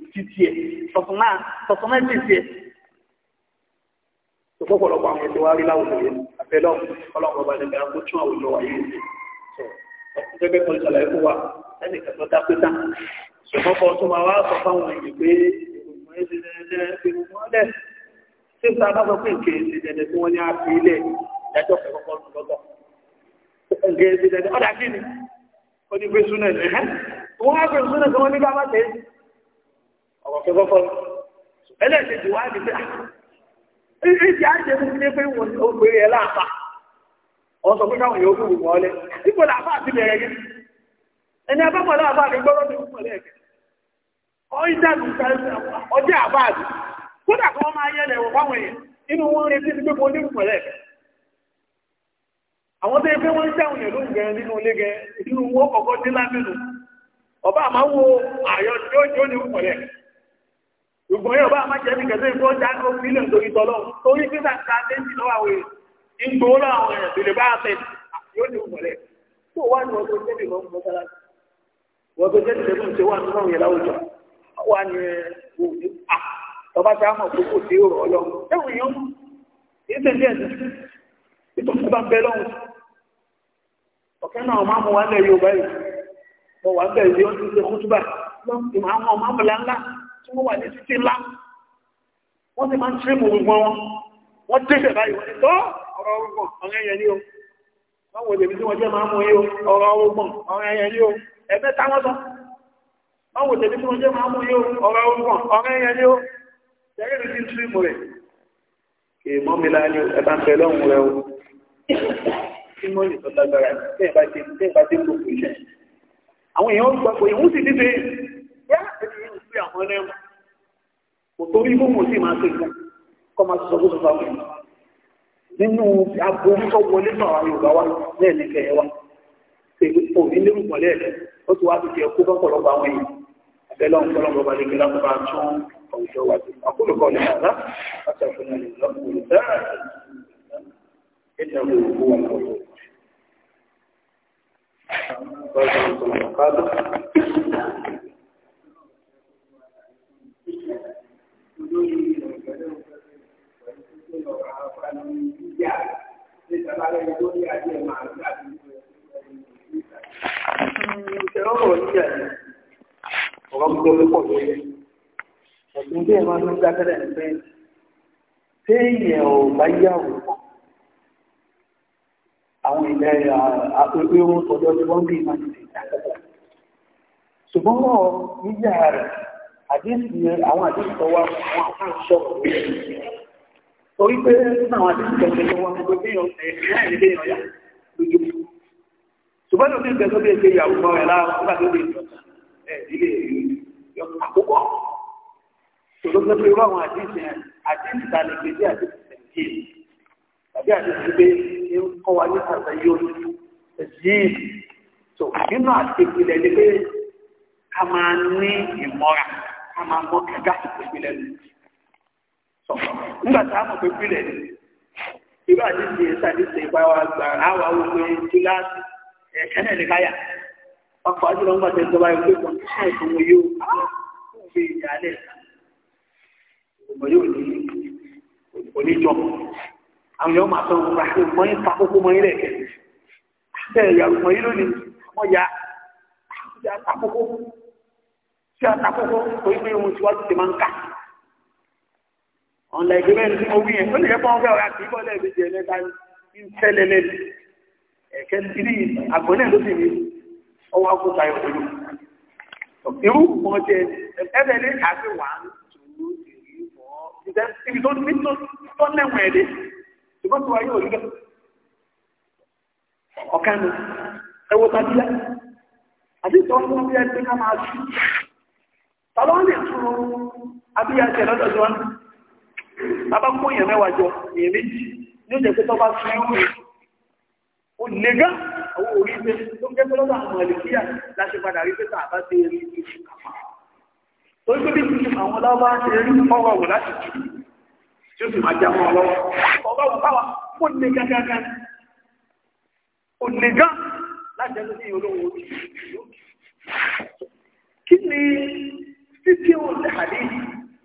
títí ẹ̀ tọ̀tún náà tọ̀tún náà títí ẹ̀ tó pọ̀pọ̀lọpọ̀ àwọn ètò wa rí láwùjọ yẹn àbẹ́lọ́ ọlọ́run ọba ìdẹ̀gbẹ̀rẹ̀ kó tún àwùjọ wa yẹn sọ gẹ́gẹ́ kan ṣàlàyé fún wa ẹnì kẹtọ́ dá pé tán ṣùgbọ́n kan tó máa wá sọ fáwọn èèyàn pé ìgbìmọ̀ ẹ̀ ti dẹ́dẹ́ fi wọ́n lẹ̀ tí ó sábà sọ pé nǹkan ẹ̀ ti dẹ́dẹ́ tí wọ́n ní àfi ilẹ̀ ìdájọ́ kọ̀ọ̀kan lọ́tọ̀ nǹkan ẹ̀ ti dẹ́dẹ́ ọ̀dà kí ni ó ní gbé súnà ẹ̀ wọ́n á gbé súnà tí wọ́n ní bá má tẹ̀yìn ọ̀rọ̀ tó kọ́kọ́ ni wá ní pé ẹ̀ẹ́dì ah, ti àjẹ́ fún mi pé wọ́n ó pè é láàpá wọ́n sọ pé káwọn yóò kúrò wọ́n lẹ̀ ipò làbá àti bẹ̀rẹ̀ yẹn ẹni abẹ́mọ̀ làbá àti gbọ́dọ̀ tó kúrò lẹ́ẹ̀kẹ́ ọ̀yìn dàbí ọjọ́ àbá àti kódà kí máa yẹ lẹ̀wọ̀ fáwọn àwọn tó yẹ pé wọ́n ń dáhùn yẹn ló ń nínú ilé gẹ nínú wọn kọ̀ọ̀kan dé lámẹ́nu ọba àmáwo àyọ̀ tí ó jó ní kúrò ṣùgbọ́n yóò bá má jẹ́ ní kẹsẹ̀ ìfọ́ já ó fi ilé nítorí tọ́lọ́ torí pípa ta déjì lọ́wọ́ àwọn èèyàn ń gbowó lọ́wọ́ àwọn èèyàn tèlè bá tẹ̀ yóò ní ìmọ̀lẹ̀ tó wà ní ọdún tẹ́lẹ̀ lọ́wọ́ mọ́sálásí ọdún tẹ́lẹ̀ lọ́wọ́ ṣe wà nínú àwọn ìlàwùjọ wà ní òní à tọ́ba tá a mọ̀ kókó tí ó rọ̀ lọ́wọ́ ẹ̀wọ̀n yẹn kì í ṣe díẹ̀ wà bẹ̀ yìí tí wọ́n wà ní títí ńlá wọ́n sì máa ń tírèmù gbogbo wọn wọ́n dẹ́sẹ̀ báyìí wọ́n ti tọ́ ọ̀rọ̀ ọgbọ̀n ọ̀rẹ́ yẹn ní o wọ́n wò tèmi tí wọ́n jẹ́ máa mú yí o ọ̀rọ̀ ọgbọ̀n ọ̀rẹ́ yẹn ní o ẹ̀fẹ́ táwọn sọ wọ́n wò tèmi tí wọ́n jẹ́ máa mú yí o ọ̀rọ̀ ọgbọ̀n ọ̀rẹ́ yẹn pé àwọn lẹ́wọ̀n kò torí bó mo sì máa pè fún kọ́ máa sọ bóso bá wọn nínú aborí tó wọlé náà àwọn Yorùbá wa lẹ́ẹ̀ni kẹ̀ẹ́ wa pẹ̀lú òní lérò pọ̀lẹ́ ẹ̀ ó ti wá ti jẹ́ kó bọ́pọ̀lọpọ̀ àwọn èèyàn abẹ́lẹ́ ọ̀hún fọlọ́mọ bá lè gbé lápá tún ọ̀ṣọ́ wa sí akólùkọ́ ní àlá láti àfihàn lè lọ́kùnrin dáa إنه هو الأول. lórí ìrìnàjò pẹ̀lú títí lọ àwọn àfààní ìjà ní sábàlẹ̀ lórí ajé máa ń gbàdú ìṣẹ̀rọ̀ ọ̀rọ̀ níjà ni ọ̀rọ̀ ń gbọ́ púpọ̀ tó yẹ ẹ̀sìn bí ẹ̀ máa ń gbá tẹ́lẹ̀ ní pé téèyàn ò bá yàwó àwọn ilẹ̀ àpẹẹrẹ ohun tọ́jọ́ tí wọ́n bí ìmọ̀ ìdíje ṣùgbọ́n níjà rẹ̀ àdéhùn yẹn àwọn àdéhùn tó wá wọn kà ń sọ torí pé nínú àwọn àdéhùn kẹ̀kẹ́ tó wá gbogbo bí yàn ẹ̀ ẹ̀ ẹ̀ ẹ̀ yà lójú ṣùgbọ́n lóbi ìgbẹ́ tó bí ẹgbẹ́ ìyàwó mọ́ ẹ̀ lára nígbà tó bí ẹ̀ ilé yọ àkókò tòlóṣe pé irú àwọn àdéhùn yẹn àdéhùn ìdálẹ̀ gbèsè àdéhùn ìsẹ̀ǹkì tàbí àdéhùn gbé ń kọ́ wa ní àtàyò ẹ̀sìn tó nínú àti ká máa mọ kẹgà ìpínlẹ̀ nù. nígbà tá a mọ̀ pé pínlẹ̀ nù ìbá ti di ẹ̀sà ti ṣe ìgbà wa gbà áwà wípé kíláàsì ẹ̀kẹ́ náà ní káyà. ọkọ̀ àjùlọ ń gbà tẹ̀ ìjọba ìwé kọ̀ǹtíṣàn ìfowó yóò fi ìyálẹ̀ ọmọ yóò ní oníjọ àwọn yóò máa sọ ọgbà ọmọ yín ta kókó mọ́yìn rẹ̀ kẹ́kẹ́ bẹ́ẹ̀ yàrá ọmọ yín lónìí wọ́n ya ta kókó tí a takókó orí pé ohun tí wọ́n ti máa ń kà. ọ̀nà ìgbẹ́ ní owó yẹn ó lè yẹ fọ́n fẹ́ ọ̀rá kì í bọ́ lẹ́ẹ̀mejì ẹ̀lẹ́ta ń tẹ́lẹ̀ lẹ́nu ẹ̀kẹ́ tìrí àgbọ̀nẹ́ ló sì ní ọwọ́ akóta ẹ̀ pẹ̀lú. irú wọn jẹ ẹbẹ ní àti wà á tòlú èyí fọ́ ibi tó ní tó lẹ́wọ̀n ẹ̀dẹ́ ṣùgbọ́n tí wọ́n yóò rí bẹ́ẹ̀. ọ̀kan ẹwọ́ tàbí yá àti ìtọ́jú bí ẹgbẹ́ tàbí wọ́n lè tún abíyànṣẹ́ lọ́dọ̀ jọ ní bàbá kó èèyàn mẹ́wàá jọ èèyàn méjì ní oúnjẹ pé tọ́ba fi ń rìn ó lè gá owó orí pé tó ń jẹ́pẹ́ lọ́dọ̀ àwọn ẹ̀lẹ́kíyà láti padà rí pé tàbá ti rí ìṣù kàfà tó jẹ́ kí ni títí ó lè hàdí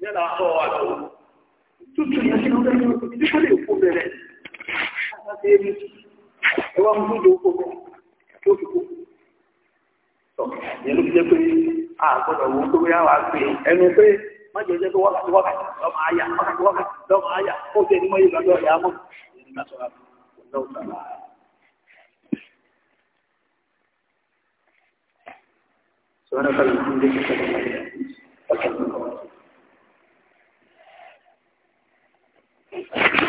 yẹ́nà àtọ́ àtọ́ tútù yẹn sí ọdún ẹ̀yọ́ tó ti kọ́lé òkú bẹ̀rẹ̀ àti ẹni ẹwà ń gbọ́dọ̀ òkú bẹ̀rẹ̀ tó fi kú. yẹn ló fi jẹ́ pé a gbọ́dọ̀ wọ́n tó yá wà pé jẹ́ jẹ́ mọ́ yìí ìyá mọ́ سبحانك اللهم وبحمدك اشهد ان لا اله الا Thank you.